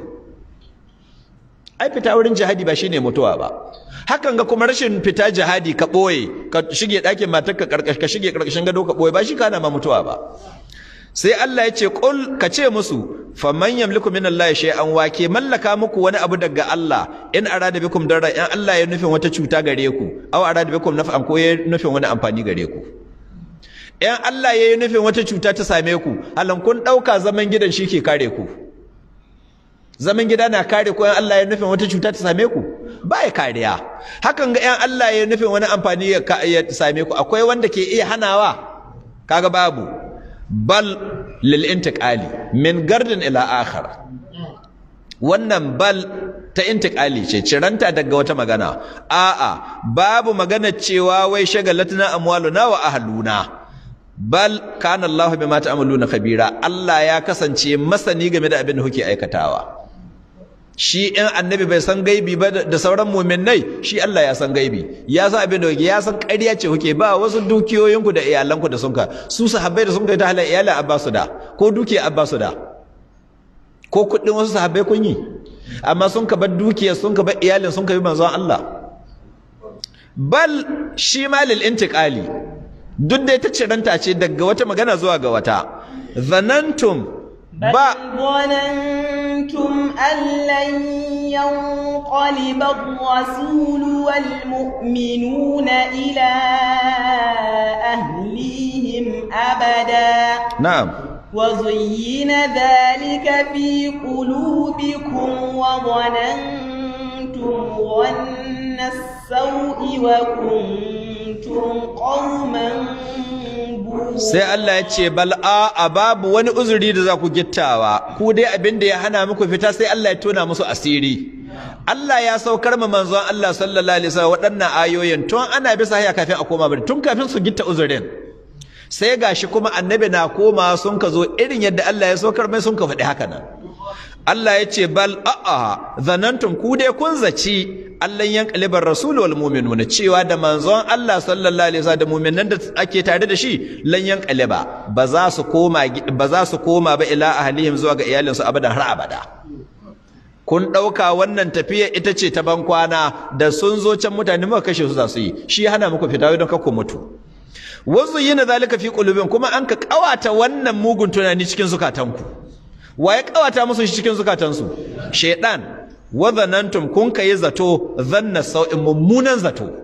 ai fita wurin jihadi ba shine mutuwa ba hakan ga kuma rashin fita jihadi ka ɓoye ka shige ɗakin matar, ka shige ƙarƙashin gado ka ɓoye ba shi kana ma mutuwa ba sai Allah ya ce qul ka ce musu man yamliku min Allah shay'an wa ke mallaka muku wani abu daga Allah in arada bikum darra in Allah ya nufin wata cuta gare ku aw arada bikum naf'an ko ya nufin wani amfani gare ku in Allah ya yi nufin wata cuta ta same ku halan kun dauka zaman gidan shi ke kare ku zaman gida na kare ko yan Allah ya nufin wata cuta ta same ku ba ya kariya hakan ga yan Allah ya nufin wani amfani ya same ku akwai wanda ke iya hanawa kaga babu bal lil intiqali min gardin ila akhar wannan bal ta intiqali ce ciranta daga wata magana a'a babu magana cewa wai shagalatna amwaluna wa ahluna bal kana Allah bima ta'maluna khabira Allah ya kasance masani game da abin da kuke aikatawa shi in annabi bai san gaibi ba da sauran muminai shi Allah ya san gaibi ya san abin da kuke ya san ƙarya ce kuke ba wasu dukiyoyinku da iyalanku da sunka su sahabbai da sun kai ta halar iyalan abbasu da ko dukiya abbasu da ko kuɗin wasu sahabbai kun yi amma sun ka bar dukiyar sun ka bar iyalin sun ka bi manzon Allah bal shi ma lil intiqali duk da ta ciranta ce daga wata magana zuwa ga wata zanantum ba ظننتم أن لن ينقلب الرسول والمؤمنون إلى أهليهم أبدا نعم وزين ذلك في قلوبكم وظننتم ظن السوء وكنتم قوما sai Allah ya ce bal a babu wani uzuri da za ku gittawa ku dai abin da ya hana muku fita sai Allah ya tona musu asiri Allah ya saukar ma manzon Allah sallallahu alaihi wasallam waɗannan ayoyin tun ana bisa haya kafin a koma bari tun kafin su gitta uzurin sai gashi kuma annabi na koma sun ka zo irin yadda Allah ya saukar mai sun ka faɗi haka nan Allah ya ce bal a'a zanantum ku dai kun zaci Allah yan kalibar rasul wal mu'minun cewa da manzon Allah sallallahu alaihi wasallam da mu'minan da ake tare da shi lan yan kaliba ba za su koma ba za su koma ba ila ahlihim zuwa ga iyalinsu abadan har abada kun dauka wannan tafiya ita ce ta bankwana da sun zo can mutane muka kashe su za su yi shi hana muku fita don kakku mutu wazu yin zalika fi kulubin kuma an ka kawata wannan mugun tunani cikin zukatanku wa ya kawata musu shi cikin zukatansu shaidan wa zanantum kun kayi zato zanna sau'in mummunan zato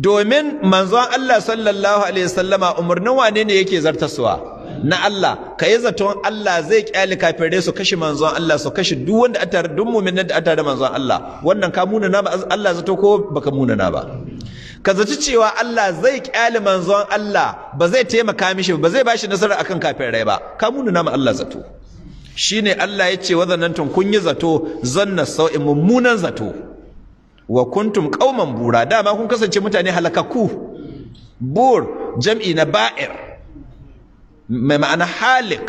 domin manzon Allah sallallahu alaihi wasallama umarnin wane ne yake zartaswa na Allah ka yi zaton Allah zai kyale kafirai su kashe manzon Allah su kashi duk wanda a tare duk mu'minin da a tare manzon Allah wannan ka muna na ba Allah zato ko baka muna na ba ka zaci cewa Allah zai kyale manzon Allah ba zai taimaka mishi ba zai bashi nasara akan kafirai ba ka muna na ma Allah zato shine Allah ya ce wazanantum kun yi zato zanna sau'i mummunan zato wa kuntum qauman bura dama kun kasance mutane halakakku bur jam'i na ba'ir mai ma'ana halik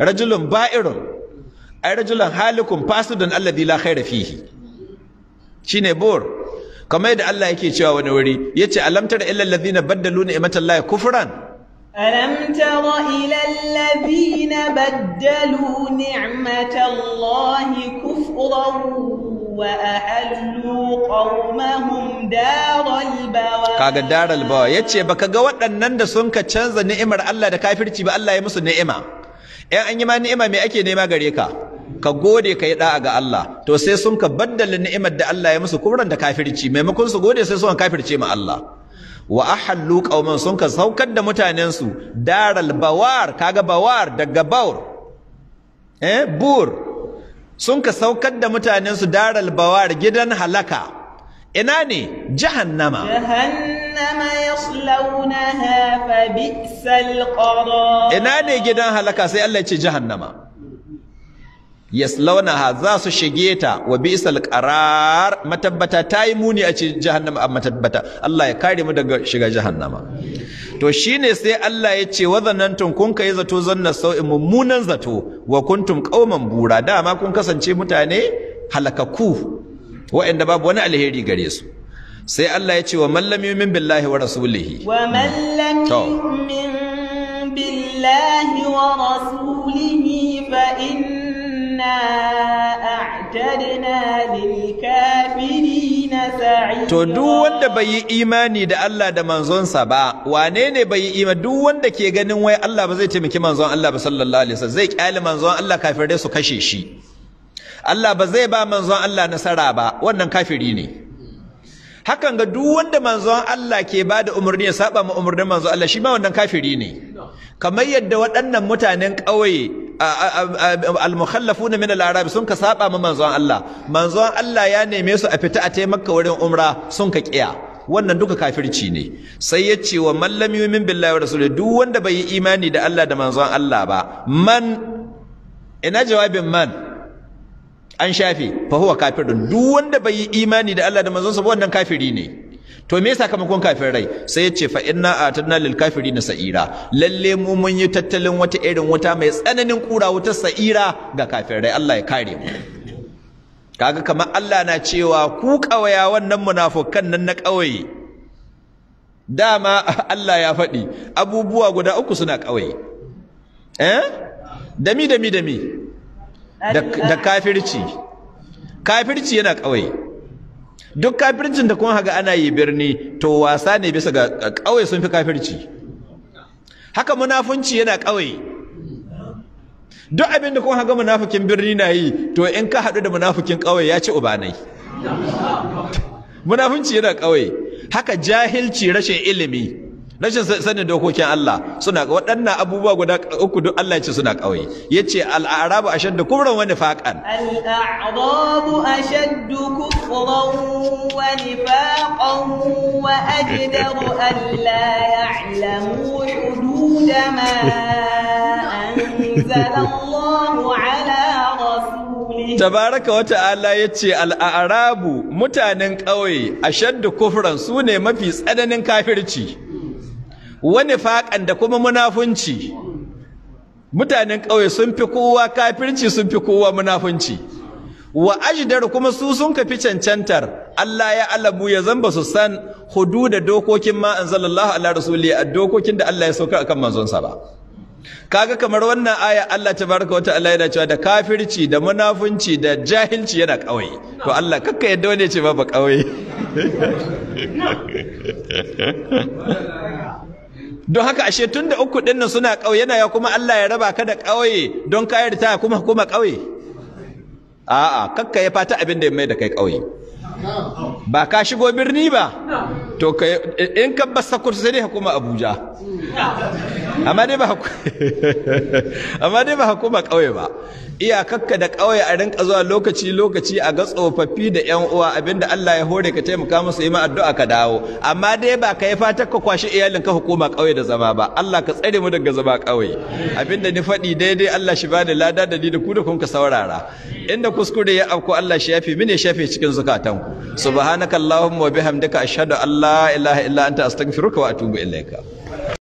rajulun ba'irun ai rajulun halikun fasidun alladhi la khaira fihi shine bur kamar yadda Allah yake cewa wani wuri yace alam tara illal ladhina baddalu ni'matallahi kufran ألم تر إلى الذين بدلوا نعمة الله كفرا kaga daral ba yace baka ga waɗannan da sun ka canza ni'imar Allah da kafirci ba Allah ya musu ni'ima ɗan an yi ma ni'ima me ake nema gare ka ka gode ka yi da'a ga Allah to sai sun ka baddala ni'imar da Allah ya musu kuran da kafirci maimakon su gode sai sun kafirce ma Allah wa ahallu qauman sun ka saukar da mutanen su daral bawar kaga bawar daga baur eh bur sun ka saukar da mutanensu daral bawar gidan halaka ina ne jahannama jahannama yaslawnaha fa bi'sal qarar ina ne gidan halaka sai Allah ya ce jahannama yaslawnaha za su shige ta wa bi'sal qarar matabbata tayi muni a ce jahannama a matabbata Allah ya kare mu daga shiga jahannama to shine sai Allah ya ce wa zanantun kun kai zato zanna sau'in mummunan zato wa kuntum qauman bura dama kun kasance mutane halakaku wa'anda babu wani alheri gare su sai Allah ya ce wa man lam yu'min billahi wa rasulihi wa man lam yu'min billahi wa rasulihi fa inna a'tadna lil kafirin to duk wanda bai yi imani da Allah da manzonsa ba wane ne bai yi imani duk wanda ke ganin wai Allah ba zai taimaki manzon Allah ba sallallahu alaihi wasallam zai kyale manzon Allah kafirai su kashe shi Allah ba zai ba manzon Allah nasara ba wannan kafiri ne hakan ga duk wanda manzon Allah ke bada umarni ya saba ma umarnin manzon Allah shi ma wannan kafiri ne kamar yadda waɗannan mutanen ƙauye al-mukhallafuna min al-arab sun ka saba ma manzon Allah manzon Allah ya neme su a fita a taimaka wurin umra sun ka kiya wannan duka kafirci ne sai ya ce wa man lam yu'min billahi wa rasulihi duk wanda bai yi imani da Allah da manzon Allah ba man ina jawabin man an shafe fa huwa kafirun duk wanda bai yi imani da Allah da manzonsa ba wannan kafiri ne to me sakamakon kafin rai sai ya ce fa inna atanna lil na sa'ira lalle mu mun yi tattalin wata irin wata mai tsananin kura wata sa'ira ga kafin rai Allah ya kare mu kaga kamar Allah na cewa ku kawaya wannan munafukan nan na kauye dama Allah ya faɗi abubuwa guda uku suna kawai eh dami dami dami da kafirci kafirci yana kawai duk kafircin da kuma haga ana yi birni to wasa ne bisa ga kawai sun fi kafirci haka munafunci yana kawai duk abin da kuma haga munafukin birni na yi to in ka haɗu da munafukin kawai ya ci ubanai munafunci yana kawai haka jahilci rashin ilimi rashin sanin dokokin Allah suna waɗannan abubuwa guda uku duk Allah ce suna ƙauye yace al-a'rabu ashaddu kufran wa nifaqan al-a'rabu ashaddu kufran wa nifaqan wa ajdaru an la ya'lamu hudud ma anzala ala tabaraka wa ta'ala yace ce arabu mutanen ƙauye ashaddu kufran sune mafi tsananin kafirci wani faƙan da kuma munafunci mutanen ƙauye sun fi kowa kafirci sun fi kowa munafunci wa ajdar kuma su sun kafi cancantar Allah ya alamu ya zamba su san hudu da dokokin ma anzalallahu ala rasuli a dokokin da Allah ya sauka akan manzonsa ba kaga kamar wannan aya Allah tabaraka wa ta'ala yana cewa da kafirci da munafunci da jahilci yana kawai to Allah kakka yadda wani ya ce ba ba kawai don haka ashe tun da uku ɗin nan suna ƙauye na ya kuma Allah ya raba ka da ƙauye don ka ta kuma kuma ƙauye a'a kakka ya fata abin da ya mai da kai ƙauye ba ka shigo birni ba to kai in ka bar kursu sai dai hukuma Abuja amma dai ba amma dai ba ƙauye ba iyakakka da ƙauye a rinka zuwa lokaci lokaci a ga tsofaffi da yan uwa abinda Allah ya hore ka taimaka musu yi ma addu'a ka dawo amma dai ba ka yi fatar ka kwashe iyalin ka hukuma ƙauye da zama ba Allah ka tsare mu daga zama ƙauye abinda ni faɗi daidai Allah shi bani lada da ni da ku da kun ka saurara inda kuskure ya afko Allah shi yafi mini shafe cikin ku subhanakallahumma wa bihamdika ashhadu an la ilaha illa anta astaghfiruka wa atubu ilaika